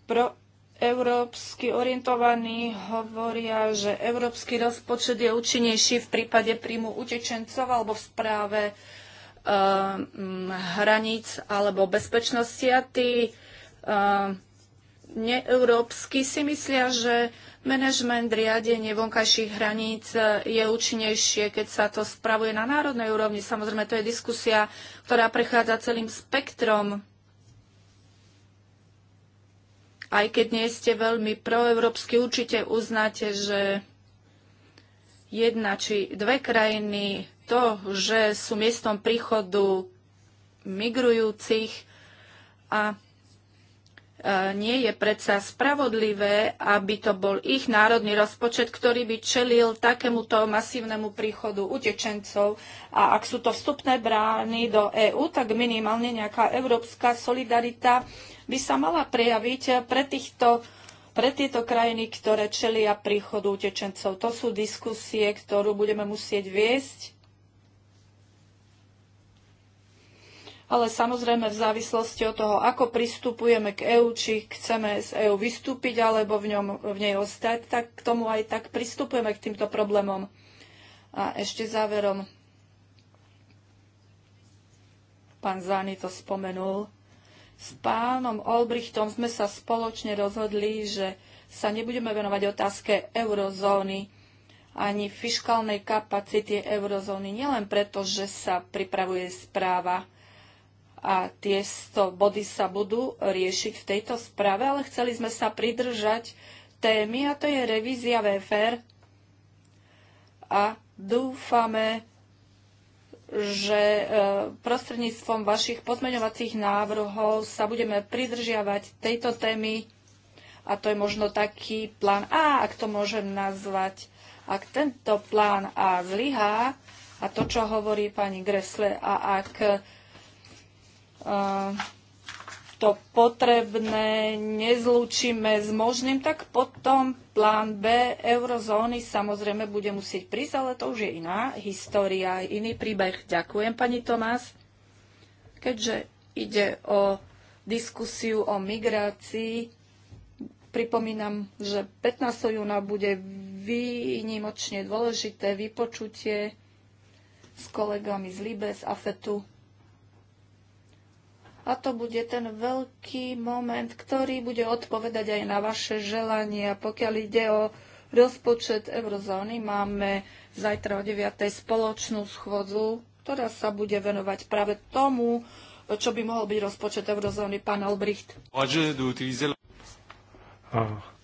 Pro európsky orientovaní hovoria, že európsky rozpočet je účinnejší v prípade príjmu utečencov alebo v správe um, hraníc alebo bezpečnosti a tí um, neeurópsky si myslia, že manažment riadenie vonkajších hraníc e, je účinnejšie, keď sa to spravuje na národnej úrovni. Samozrejme, to je diskusia, ktorá prechádza celým spektrom. Aj keď nie ste veľmi proeurópsky, určite uznáte, že jedna či dve krajiny, to, že sú miestom príchodu migrujúcich a nie je predsa spravodlivé, aby to bol ich národný rozpočet, ktorý by čelil takémuto masívnemu príchodu utečencov. A ak sú to vstupné brány do EÚ, tak minimálne nejaká európska solidarita by sa mala prejaviť pre týchto pre tieto krajiny, ktoré čelia príchodu utečencov. To sú diskusie, ktorú budeme musieť viesť ale samozrejme v závislosti od toho, ako pristupujeme k EÚ, či chceme z EÚ vystúpiť alebo v, ňom, v nej ostať, tak k tomu aj tak pristupujeme k týmto problémom. A ešte záverom, pán Zány to spomenul, s pánom Olbrichtom sme sa spoločne rozhodli, že sa nebudeme venovať otázke eurozóny ani fiškálnej kapacity eurozóny, nielen preto, že sa pripravuje správa a tie 100 body sa budú riešiť v tejto správe, ale chceli sme sa pridržať témy a to je revízia VFR a dúfame, že e, prostredníctvom vašich pozmeňovacích návrhov sa budeme pridržiavať tejto témy a to je možno taký plán A, ak to môžem nazvať. Ak tento plán A zlyhá, a to, čo hovorí pani Gresle, a ak Eh, to potrebné nezlúčime s možným, tak potom plán B eurozóny samozrejme bude musieť prísť, ale to už je iná história, iný príbeh. Ďakujem, pani Tomás. Keďže ide o diskusiu o migrácii, pripomínam, že 15. júna bude výnimočne dôležité vypočutie s kolegami z Libes a FETu a to bude ten veľký moment, ktorý bude odpovedať aj na vaše želania. Pokiaľ ide o rozpočet eurozóny, máme zajtra o 9. spoločnú schôdzu, ktorá sa bude venovať práve tomu, čo by mohol byť rozpočet eurozóny, pán Albricht. O,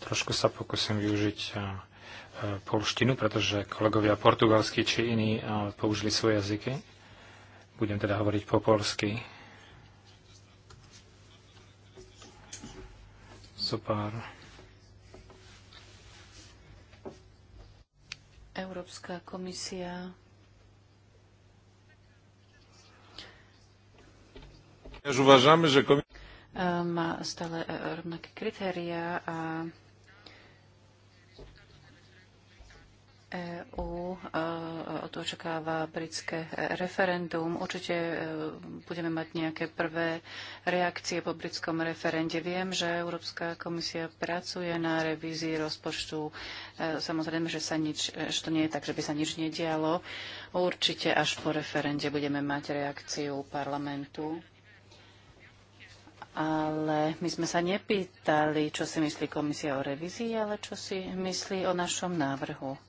trošku sa pokúsim využiť e, polštinu, pretože kolegovia portugalsky či iní použili svoje jazyky. Budem teda hovoriť po polsky zopár. Európska komisia Uvažame, že komisia ehm, má stále eh, rovnaké kritéria a tu očakáva britské e, referendum. Určite e, budeme mať nejaké prvé reakcie po britskom referende. Viem, že Európska komisia pracuje na revízii rozpočtu. E, samozrejme, že, sa nič, že to nie je tak, že by sa nič nedialo. Určite až po referende budeme mať reakciu parlamentu ale my sme sa nepýtali, čo si myslí komisia o revízii, ale čo si myslí o našom návrhu.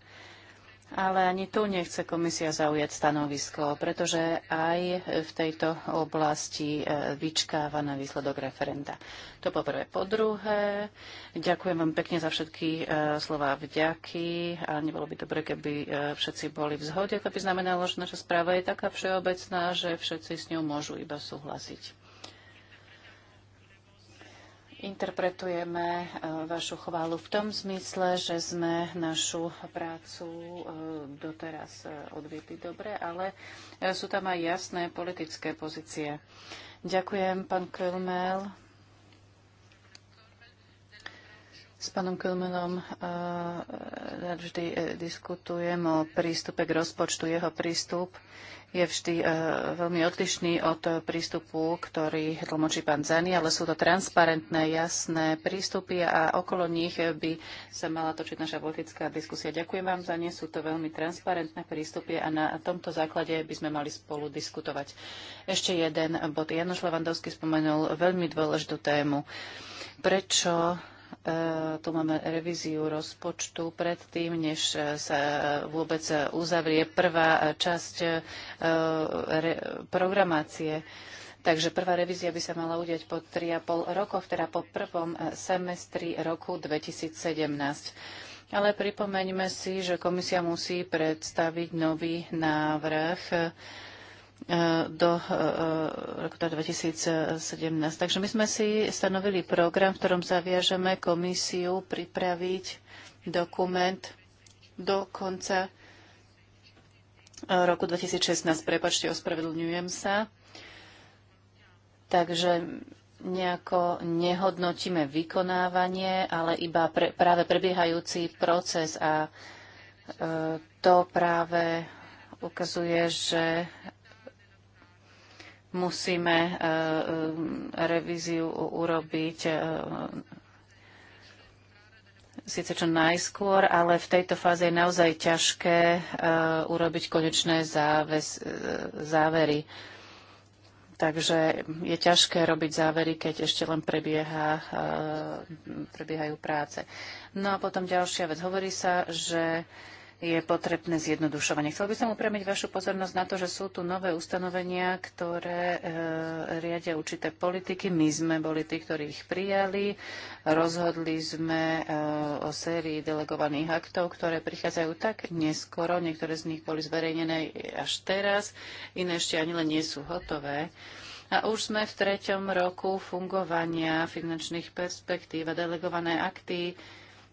Ale ani tu nechce komisia zaujať stanovisko, pretože aj v tejto oblasti e, vyčkáva na výsledok referenda. To poprvé. Po druhé, ďakujem vám pekne za všetky e, slova vďaky, ale nebolo by dobre, keby e, všetci boli v zhode. To by znamenalo, že naša správa je taká všeobecná, že všetci s ňou môžu iba súhlasiť interpretujeme e, vašu chválu v tom zmysle, že sme našu prácu e, doteraz e, odviedli dobre, ale sú tam aj jasné politické pozície. Ďakujem, pán Kölmel. S pánom Kölmelom vždy diskutujem o prístupe k rozpočtu. Jeho prístup je vždy e, veľmi odlišný od prístupu, ktorý tlmočí pán Zani, ale sú to transparentné, jasné prístupy a okolo nich by sa mala točiť naša politická diskusia. Ďakujem vám za ne, sú to veľmi transparentné prístupy a na tomto základe by sme mali spolu diskutovať. Ešte jeden bod. Janoš Levandovský spomenul veľmi dôležitú tému. Prečo E, tu máme revíziu rozpočtu predtým, než e, sa vôbec uzavrie prvá časť e, programácie. Takže prvá revízia by sa mala udiať po 3,5 rokoch, teda po prvom semestri roku 2017. Ale pripomeňme si, že komisia musí predstaviť nový návrh E, do e, e, roku 2017. Takže my sme si stanovili program, v ktorom zaviažeme komisiu pripraviť dokument do konca roku 2016. Prepačte, ospravedlňujem sa. Takže nejako nehodnotíme vykonávanie, ale iba pre, práve prebiehajúci proces a e, to práve ukazuje, že musíme e, e, revíziu urobiť e, síce čo najskôr, ale v tejto fáze je naozaj ťažké urobiť konečné závery. Takže je ťažké robiť závery, keď ešte len prebieha, prebiehajú práce. No a potom ďalšia vec. Hovorí sa, že je potrebné zjednodušovanie. Chcel by som upriamiť vašu pozornosť na to, že sú tu nové ustanovenia, ktoré e, riadia určité politiky. My sme boli tí, ktorí ich prijali. Rozhodli sme e, o sérii delegovaných aktov, ktoré prichádzajú tak neskoro. Niektoré z nich boli zverejnené až teraz, iné ešte ani len nie sú hotové. A už sme v treťom roku fungovania finančných perspektív a delegované akty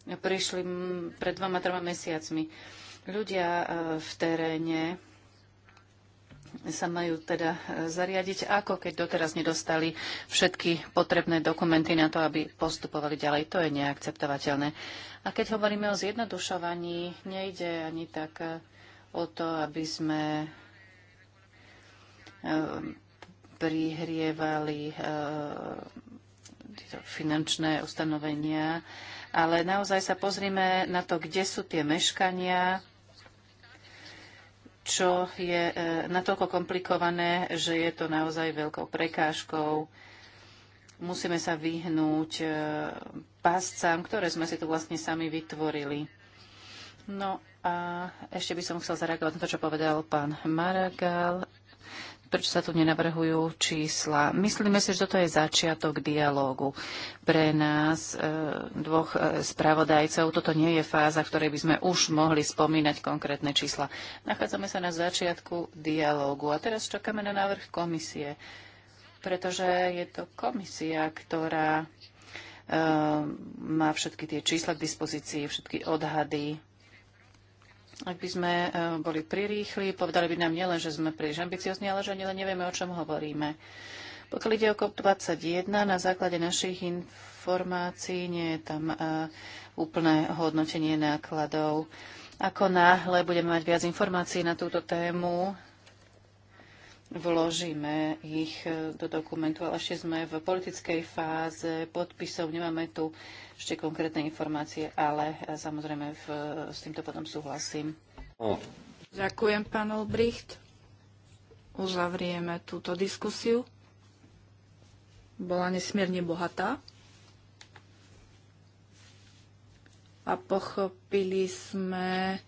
prišli pred dvoma, troma mesiacmi. Ľudia e, v teréne sa majú teda e, zariadiť, ako keď doteraz nedostali všetky potrebné dokumenty na to, aby postupovali ďalej. To je neakceptovateľné. A keď hovoríme o zjednodušovaní, nejde ani tak e, o to, aby sme prihrievali finančné ustanovenia, ale naozaj sa pozrime na to, kde sú tie meškania, čo je e, natoľko komplikované, že je to naozaj veľkou prekážkou. Musíme sa vyhnúť e, páscam, ktoré sme si tu vlastne sami vytvorili. No a ešte by som chcel zareagovať na to, čo povedal pán Maragal prečo sa tu nenavrhujú čísla. Myslíme si, že toto je začiatok dialógu. Pre nás, e, dvoch e, spravodajcov, toto nie je fáza, v ktorej by sme už mohli spomínať konkrétne čísla. Nachádzame sa na začiatku dialógu a teraz čakáme na návrh komisie, pretože je to komisia, ktorá e, má všetky tie čísla k dispozícii, všetky odhady ak by sme e, boli prirýchli, povedali by nám nielen, že sme príliš ambiciozni, ale že ani len nevieme, o čom hovoríme. Pokiaľ ide o COP21, na základe našich informácií nie je tam e, úplné hodnotenie nákladov. Ako náhle budeme mať viac informácií na túto tému, vložíme ich e, do dokumentu, ale ešte sme v politickej fáze podpisov, nemáme tu ešte konkrétne informácie, ale e, samozrejme v, e, s týmto potom súhlasím. No. Ďakujem, pán Olbricht. Uzavrieme túto diskusiu. Bola nesmierne bohatá. A pochopili sme,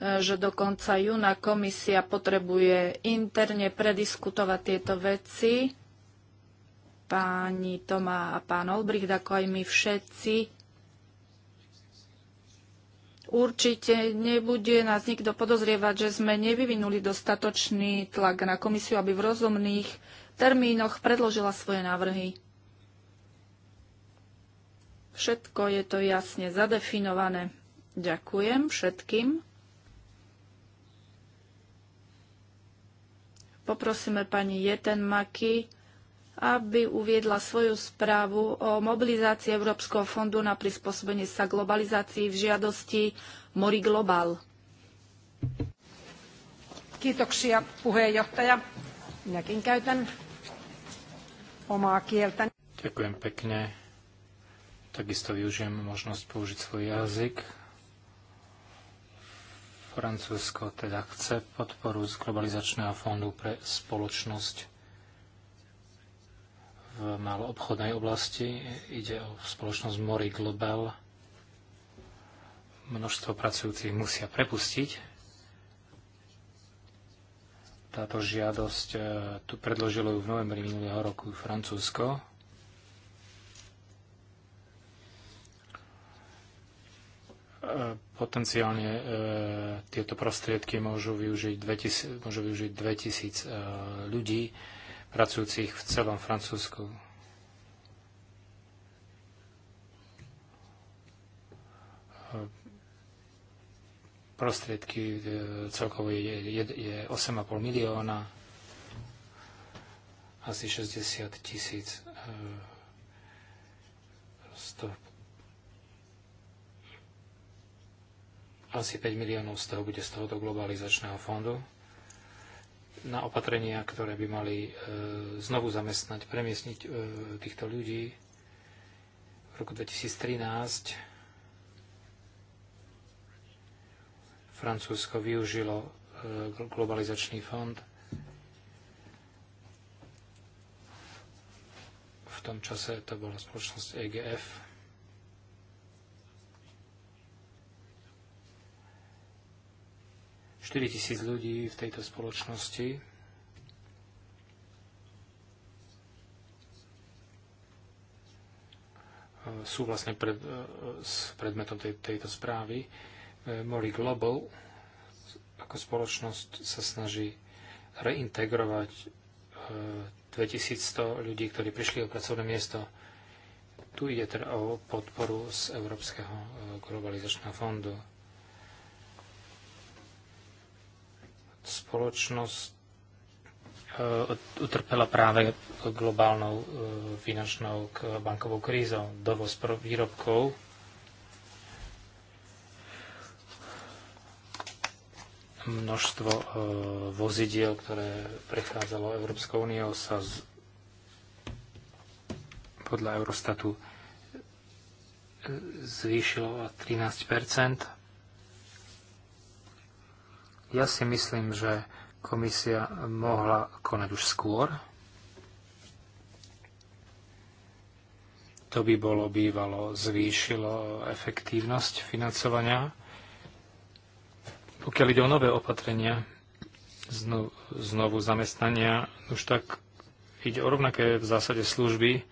Eh, že do konca júna komisia potrebuje interne prediskutovať tieto veci. Páni Tomá a pán Olbricht, ako aj my všetci, určite nebude nás nikto podozrievať, že sme nevyvinuli dostatočný tlak na komisiu, aby v rozumných termínoch predložila svoje návrhy. Všetko je to jasne zadefinované. Ďakujem všetkým. Poprosíme pani Jeten Maki, aby uviedla svoju správu o mobilizácii Európskeho fondu na prispôsobenie sa globalizácii v žiadosti Mori Global. Kiitoksia puheenjohtaja. Minäkin käytän omaa kieltä. Ďakujem pekne. Takisto využijem možnosť použiť svoj jazyk. Francúzsko teda chce podporu z Globalizačného fondu pre spoločnosť v maloobchodnej oblasti. Ide o spoločnosť Mori Global. Množstvo pracujúcich musia prepustiť. Táto žiadosť eh, tu predložilo ju v novembri minulého roku Francúzsko E, potenciálne e, tieto prostriedky môžu využiť 2000, môžu využiť 2000 e, ľudí pracujúcich v celom Francúzsku. Prostriedky celkovo je, je, je 8,5 milióna, asi 60 tisíc Asi 5 miliónov z toho bude z tohoto globalizačného fondu na opatrenia, ktoré by mali e, znovu zamestnať, premiesniť e, týchto ľudí. V roku 2013 Francúzsko využilo e, globalizačný fond. V tom čase to bola spoločnosť EGF, 4000 ľudí v tejto spoločnosti. sú vlastne pred, e, predmetom tej, tejto správy. E, Mori Global ako spoločnosť sa snaží reintegrovať 2100 e, ľudí, ktorí prišli o pracovné miesto. Tu ide teda o podporu z Európskeho globalizačného fondu. spoločnosť e, utrpela práve globálnou e, finančnou bankovou krízou. Dovoz výrobkov množstvo e, vozidiel, ktoré prechádzalo Európskou úniou, sa z... podľa Eurostatu zvýšilo o 13 ja si myslím, že komisia mohla konať už skôr. To by bolo bývalo, zvýšilo efektívnosť financovania. Pokiaľ ide o nové opatrenia, znovu, znovu zamestnania, už tak ide o rovnaké v zásade služby,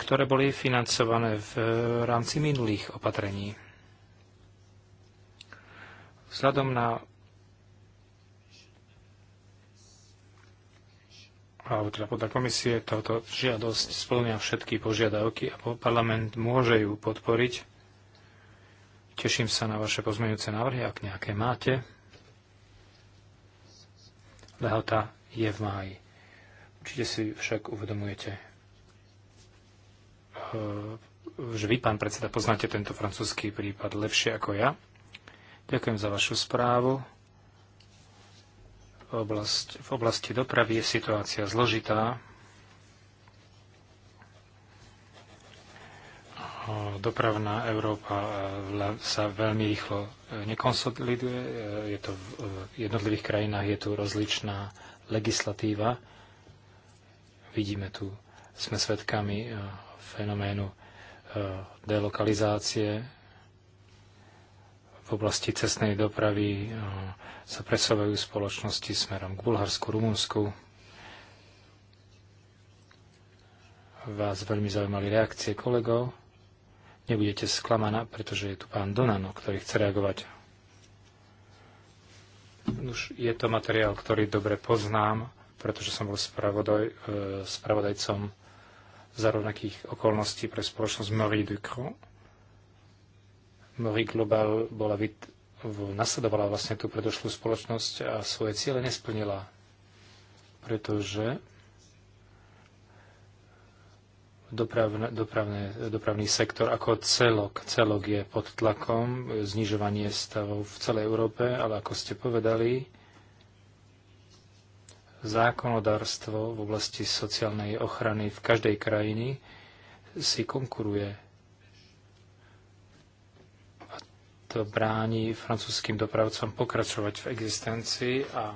ktoré boli financované v rámci minulých opatrení. Vzhľadom na alebo teda podľa komisie táto žiadosť splňa všetky požiadavky a parlament môže ju podporiť. Teším sa na vaše pozmeňujúce návrhy, ak nejaké máte. Lehota je v máji. Určite si však uvedomujete, eh, že vy, pán predseda, poznáte tento francúzsky prípad lepšie ako ja. Ďakujem za vašu správu. Oblast, v oblasti dopravy je situácia zložitá. Dopravná Európa e, sa veľmi rýchlo e, nekonsoliduje. E, je to v jednotlivých krajinách je tu rozličná legislatíva. Vidíme tu, sme svedkami fenoménu delokalizácie v oblasti cestnej dopravy eh, sa presovajú spoločnosti smerom k Bulharsku, Rumunsku. Vás veľmi zaujímali reakcie kolegov. Nebudete sklamaná, pretože je tu pán Donano, ktorý chce reagovať. Už je to materiál, ktorý dobre poznám, pretože som bol spravodaj, eh, spravodajcom za rovnakých okolností pre spoločnosť Marie Ducron Mnohý Global bola vyt- nasledovala vlastne tú predošlú spoločnosť a svoje ciele nesplnila, pretože dopravne, dopravne, dopravný sektor ako celok, celok je pod tlakom, znižovanie stavov v celej Európe, ale ako ste povedali, zákonodárstvo v oblasti sociálnej ochrany v každej krajine si konkuruje to bráni francúzským dopravcom pokračovať v existencii a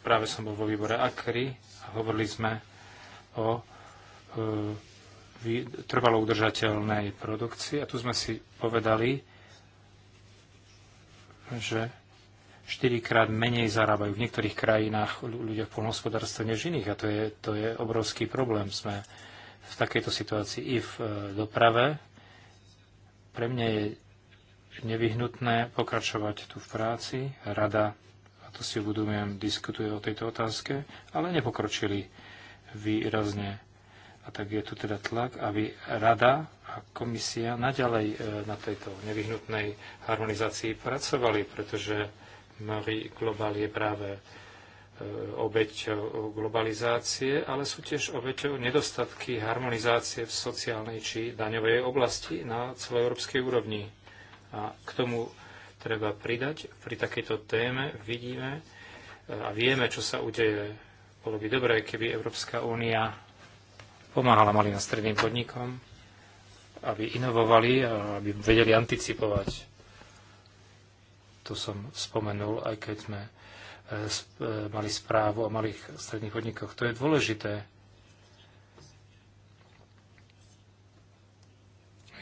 práve som bol vo výbore ACRI a hovorili sme o e, trvalo udržateľnej produkcii a tu sme si povedali, že štyrikrát menej zarábajú v niektorých krajinách ľudia v polnohospodárstve než iných a to je, to je obrovský problém. Sme v takejto situácii i v e, doprave. Pre mňa je nevyhnutné pokračovať tu v práci. Rada, a to si uvedomujem, diskutuje o tejto otázke, ale nepokročili výrazne. A tak je tu teda tlak, aby rada a komisia naďalej e, na tejto nevyhnutnej harmonizácii pracovali, pretože Marie Global je práve e, obeť globalizácie, ale sú tiež obeťou nedostatky harmonizácie v sociálnej či daňovej oblasti na celoeurópskej úrovni. A k tomu treba pridať, pri takejto téme vidíme e, a vieme, čo sa udeje. Bolo by dobré, keby Európska únia pomáhala malým a stredným podnikom, aby inovovali a aby vedeli anticipovať. To som spomenul, aj keď sme e, e, mali správu o malých stredných podnikoch. To je dôležité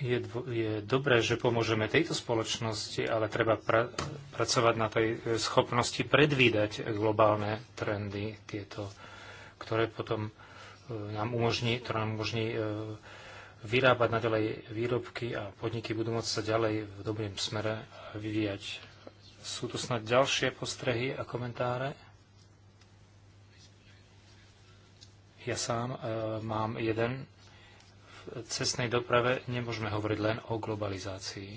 je, je dobré, že pomôžeme tejto spoločnosti, ale treba pra, pracovať na tej e, schopnosti predvídať globálne trendy, tieto, ktoré potom e, nám umožní, ktoré nám umožní e, vyrábať naďalej výrobky a podniky budú môcť sa ďalej v dobrým smere vyvíjať. Sú tu snad ďalšie postrehy a komentáre? Ja sám e, mám jeden cestnej doprave nemôžeme hovoriť len o globalizácii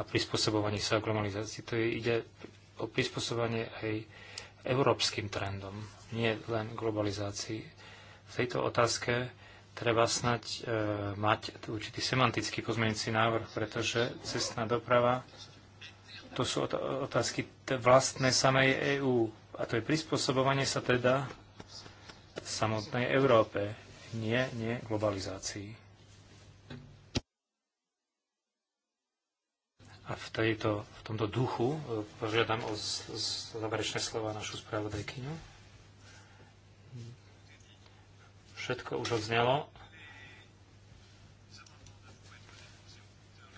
a prispôsobovaní sa o globalizácii. To je, ide o prispôsobovanie aj európskym trendom, nie len globalizácii. V tejto otázke treba snať e, mať určitý semantický pozmeňujúci návrh, pretože cestná doprava to sú otázky vlastné samej EÚ a to je prispôsobovanie sa teda samotnej Európe nie, nie globalizácii. A v, tejto, v tomto duchu e, požiadam o záverečné slova našu spravodajkyňu. Všetko už odznelo.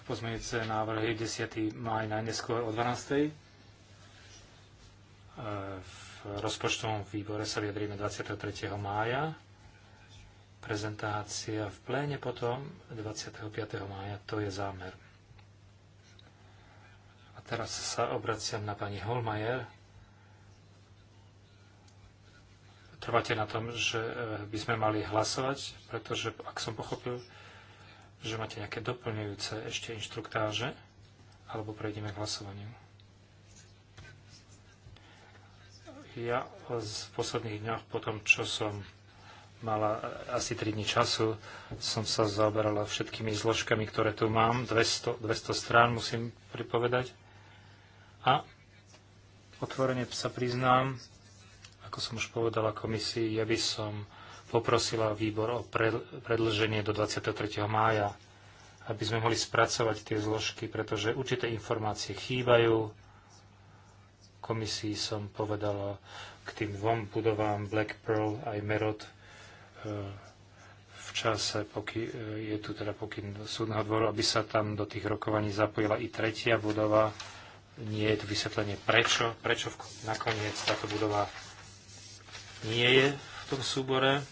Pozmeňujúce návrhy 10. maj najneskôr o 12. E, v rozpočtovom výbore sa vyjadríme 23. mája prezentácia v pléne potom 25. mája, to je zámer. A teraz sa obraciam na pani Holmajer. Trváte na tom, že eh, by sme mali hlasovať, pretože ak som pochopil, že máte nejaké doplňujúce ešte inštruktáže, alebo prejdeme k hlasovaniu. Ja v posledných dňoch po tom, čo som mala asi 3 dní času, som sa zaoberala všetkými zložkami, ktoré tu mám, 200, 200 strán musím pripovedať. A otvorene sa priznám, ako som už povedala komisii, ja by som poprosila výbor o predlženie do 23. mája, aby sme mohli spracovať tie zložky, pretože určité informácie chýbajú. Komisii som povedala k tým dvom budovám Black Pearl aj Merod, v čase, poky, e, je tu teda pokyn súdneho dvoru, aby sa tam do tých rokovaní zapojila i tretia budova. Nie je tu vysvetlenie prečo, prečo v, nakoniec táto budova nie je v tom súbore.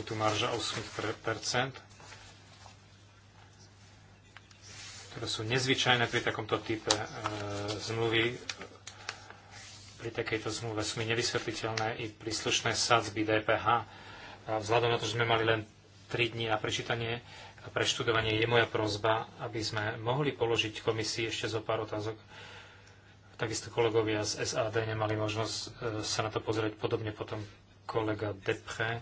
Je tu marža 8%, ktoré sú nezvyčajné pri takomto type e, zmluvy pri takejto zmluve sú mi nevysvetliteľné i príslušné sadzby DPH. Vzhľadom na to, že sme mali len 3 dní na prečítanie a preštudovanie, je moja prozba, aby sme mohli položiť komisii ešte zo pár otázok. Takisto kolegovia z SAD nemali možnosť e, sa na to pozrieť, podobne potom kolega Depre.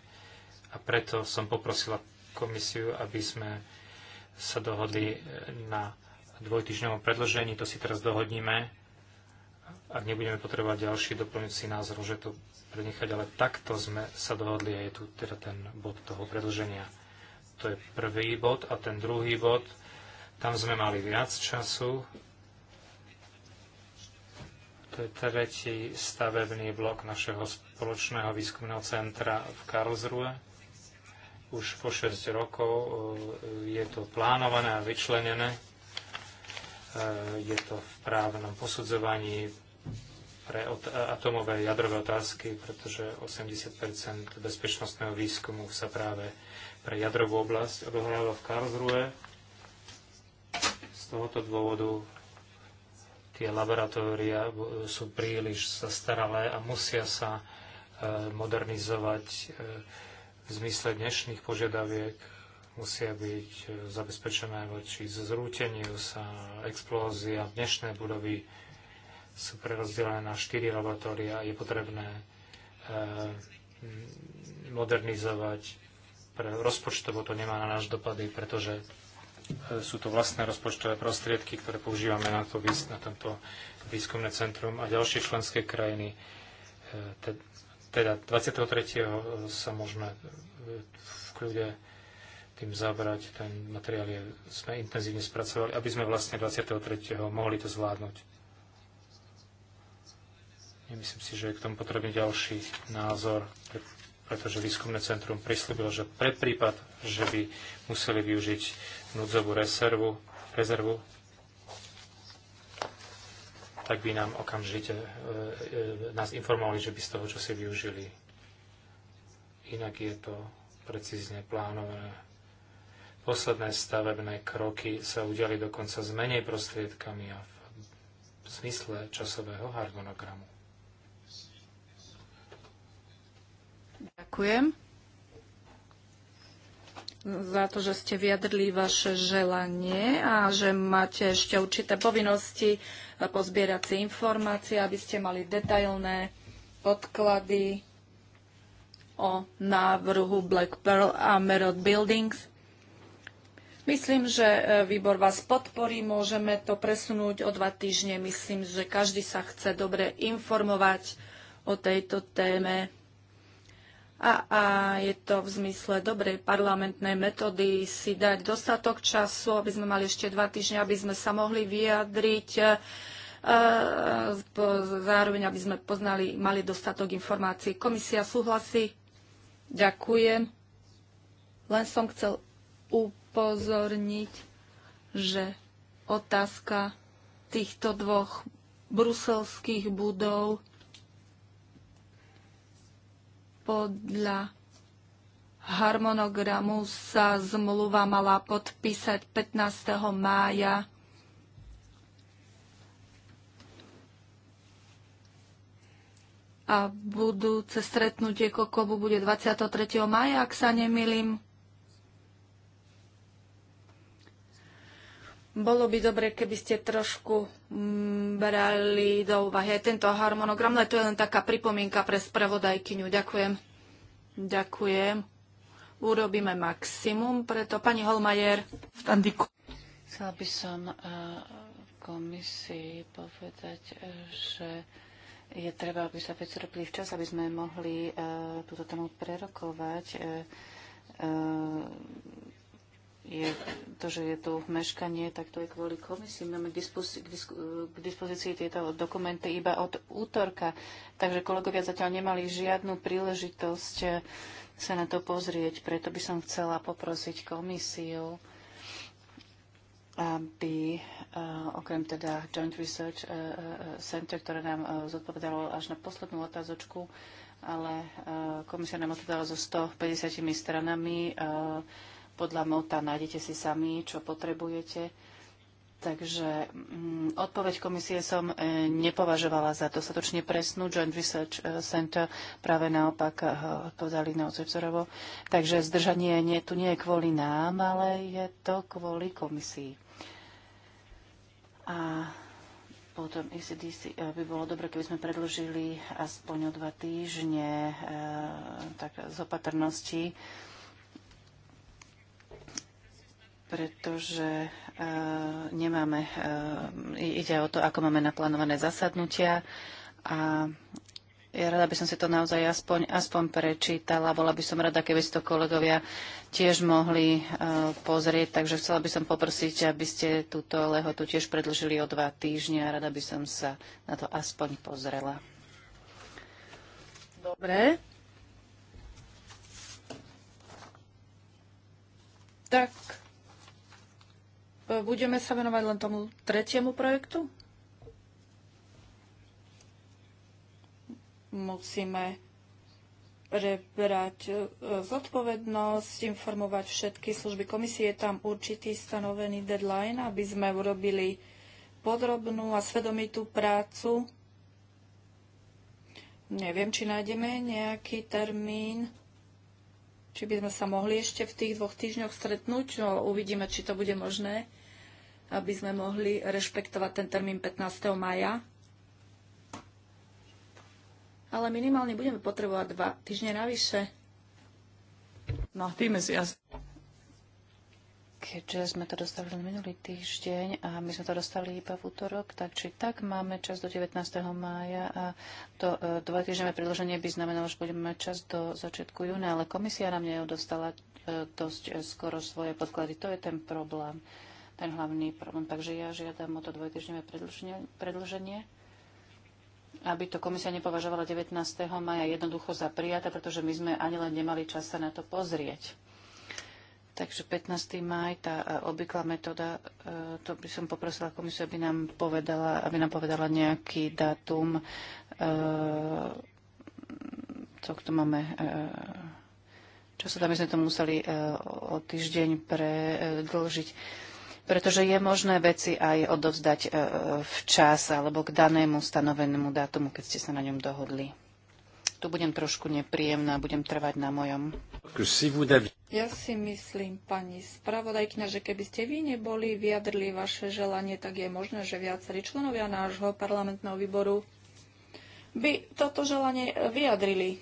A preto som poprosila komisiu, aby sme sa dohodli na dvojtyžňovom predložení. To si teraz dohodníme ak nebudeme potrebovať ďalší doplňujúci názor, že to prenechať, ale takto sme sa dohodli a je tu teda ten bod toho predlženia. To je prvý bod a ten druhý bod, tam sme mali viac času. To je tretí stavebný blok našeho spoločného výskumného centra v Karlsruhe. Už po 6 rokov e, je to plánované a vyčlenené E, je to v právnom posudzovaní pre atomové jadrové otázky, pretože 80 bezpečnostného výskumu sa práve pre jadrovú oblasť odohráva v Karlsruhe. Z tohoto dôvodu tie laboratória sú príliš zastaralé a musia sa e, modernizovať e, v zmysle dnešných požiadaviek musia byť e, zabezpečené voči zrúteniu sa explózia. Dnešné budovy sú prerozdelené na štyri laboratória. Je potrebné e, modernizovať. Pre rozpočtovo to nemá na náš dopady, pretože e, sú to vlastné rozpočtové prostriedky, ktoré používame na, to, na tento výskumné centrum a ďalšie členské krajiny. Teda 23. sa môžeme v kľude tým zabrať. Ten materiál je, sme intenzívne spracovali, aby sme vlastne 23. mohli to zvládnuť. Nemyslím si, že je k tomu potrebný ďalší názor, pretože výskumné centrum prislúbilo, že pre prípad, že by museli využiť núdzovú rezervu, rezervu tak by nám okamžite e, e, nás informovali, že by z toho, čo si využili. Inak je to precízne plánované Posledné stavebné kroky sa udiali dokonca s menej prostriedkami a v zmysle časového harmonogramu. Ďakujem za to, že ste vyjadrili vaše želanie a že máte ešte určité povinnosti pozbierať si informácie, aby ste mali detailné podklady o návrhu Black Pearl a Merod Buildings Myslím, že e, výbor vás podporí, môžeme to presunúť o dva týždne. Myslím, že každý sa chce dobre informovať o tejto téme. A, a je to v zmysle dobrej parlamentnej metódy si dať dostatok času, aby sme mali ešte dva týždne, aby sme sa mohli vyjadriť e, zároveň, aby sme poznali, mali dostatok informácií. Komisia súhlasí? Ďakujem. Len som chcel úplne upozorniť, že otázka týchto dvoch bruselských budov podľa harmonogramu sa zmluva mala podpísať 15. mája a budúce stretnutie Kokobu bude 23. maja, ak sa nemýlim. Bolo by dobre, keby ste trošku mm, brali do úvahy aj tento harmonogram, ale to je len taká pripomienka pre spravodajkyňu. Ďakujem. Ďakujem. Urobíme maximum, preto pani Holmajer. Chcela by som eh, komisii povedať, eh, že je treba, aby sa veci robili včas, aby sme mohli eh, túto tému prerokovať je to, že je tu meškanie, tak to je kvôli komisii. Máme k, dispozí- k dispozícii tieto dokumenty iba od útorka, takže kolegovia zatiaľ nemali žiadnu príležitosť eh, sa na to pozrieť. Preto by som chcela poprosiť komisiu, aby eh, okrem teda Joint Research eh, Center, ktoré nám zodpovedalo až na poslednú otázočku, ale komisia nám odpovedala so 150 stranami, podľa mota, nájdete si sami, čo potrebujete. Takže mm, odpoveď komisie som e, nepovažovala za dostatočne presnú. Joint Research e, Center práve naopak e, povedali na vzorovo. Takže zdržanie nie, tu nie je kvôli nám, ale je to kvôli komisii. A potom ECDC e, by bolo dobre, keby sme predložili aspoň o dva týždne e, tak z opatrnosti. E, pretože eh, nemáme, eh, ide o to, ako máme naplánované zasadnutia a ja rada by som si to naozaj aspoň, aspoň prečítala. Bola by som rada, keby si to kolegovia tiež mohli uh, pozrieť. Takže chcela by som poprosiť, aby ste túto lehotu tiež predlžili o dva týždne a rada by som sa na to aspoň pozrela. Dobre. Tak budeme sa venovať len tomu tretiemu projektu? Musíme prebrať e, zodpovednosť, informovať všetky služby komisie. Je tam určitý stanovený deadline, aby sme urobili podrobnú a svedomitú prácu. Neviem, či nájdeme nejaký termín či by sme sa mohli ešte v tých dvoch týždňoch stretnúť. No, uvidíme, či to bude možné aby sme mohli rešpektovať ten termín 15. maja. Ale minimálne budeme potrebovať dva týždne navyše. Nachdem si asi. keďže sme to dostali len minulý týždeň a my sme to dostali iba v útorok, tak či tak máme čas do 19. mája a to e, dvojtýždňové predloženie by znamenalo, že budeme mať čas do začiatku júna, ale komisia nám neodostala e, dosť e, skoro svoje podklady. To je ten problém. E, ten hlavný problém. Takže ja žiadam o to dvojtyžňové predlženie, aby to komisia nepovažovala 19. maja jednoducho za prijaté, pretože my sme ani len nemali čas sa na to pozrieť. Takže 15. maj, tá e, obvyklá metóda, e, to by som poprosila komisiu, aby nám povedala, aby nám povedala nejaký dátum, to, e, kto máme, čo sa tam, my sme to museli o týždeň predlžiť pretože je možné veci aj odovzdať e, e, včas alebo k danému stanovenému dátumu, keď ste sa na ňom dohodli. Tu budem trošku nepríjemná, budem trvať na mojom. Ja si myslím, pani spravodajkňa, že keby ste vy neboli vyjadrili vaše želanie, tak je možné, že viacerí členovia nášho parlamentného výboru by toto želanie vyjadrili.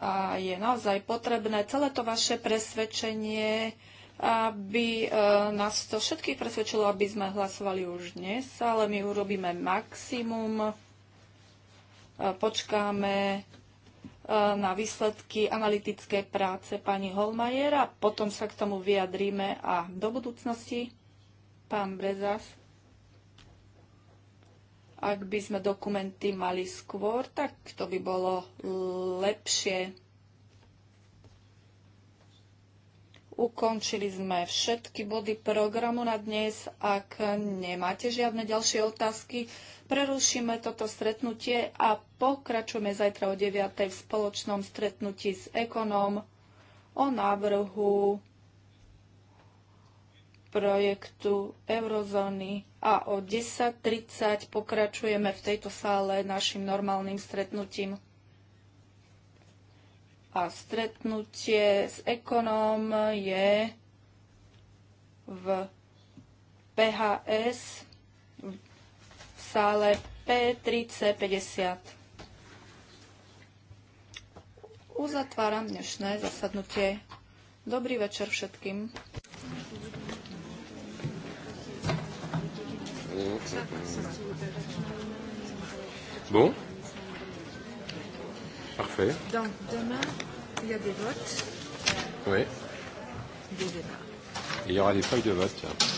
A je naozaj potrebné celé to vaše presvedčenie, aby e, nás to všetkých presvedčilo, aby sme hlasovali už dnes, ale my urobíme maximum, e, počkáme e, na výsledky analytické práce pani Holmajera, potom sa k tomu vyjadríme a do budúcnosti pán Brezas. Ak by sme dokumenty mali skôr, tak to by bolo lepšie. Ukončili sme všetky body programu na dnes. Ak nemáte žiadne ďalšie otázky, prerušíme toto stretnutie a pokračujeme zajtra o 9.00 v spoločnom stretnutí s ekonom o návrhu projektu Eurozóny a o 10.30 pokračujeme v tejto sále našim normálnym stretnutím. A stretnutie s ekonom je v PHS v sále P3C50. Uzatváram dnešné zasadnutie. Dobrý večer všetkým. Bon. Parfait. Donc, demain, il y a des votes. Oui. Des débats. Et il y aura des feuilles de vote. Tiens.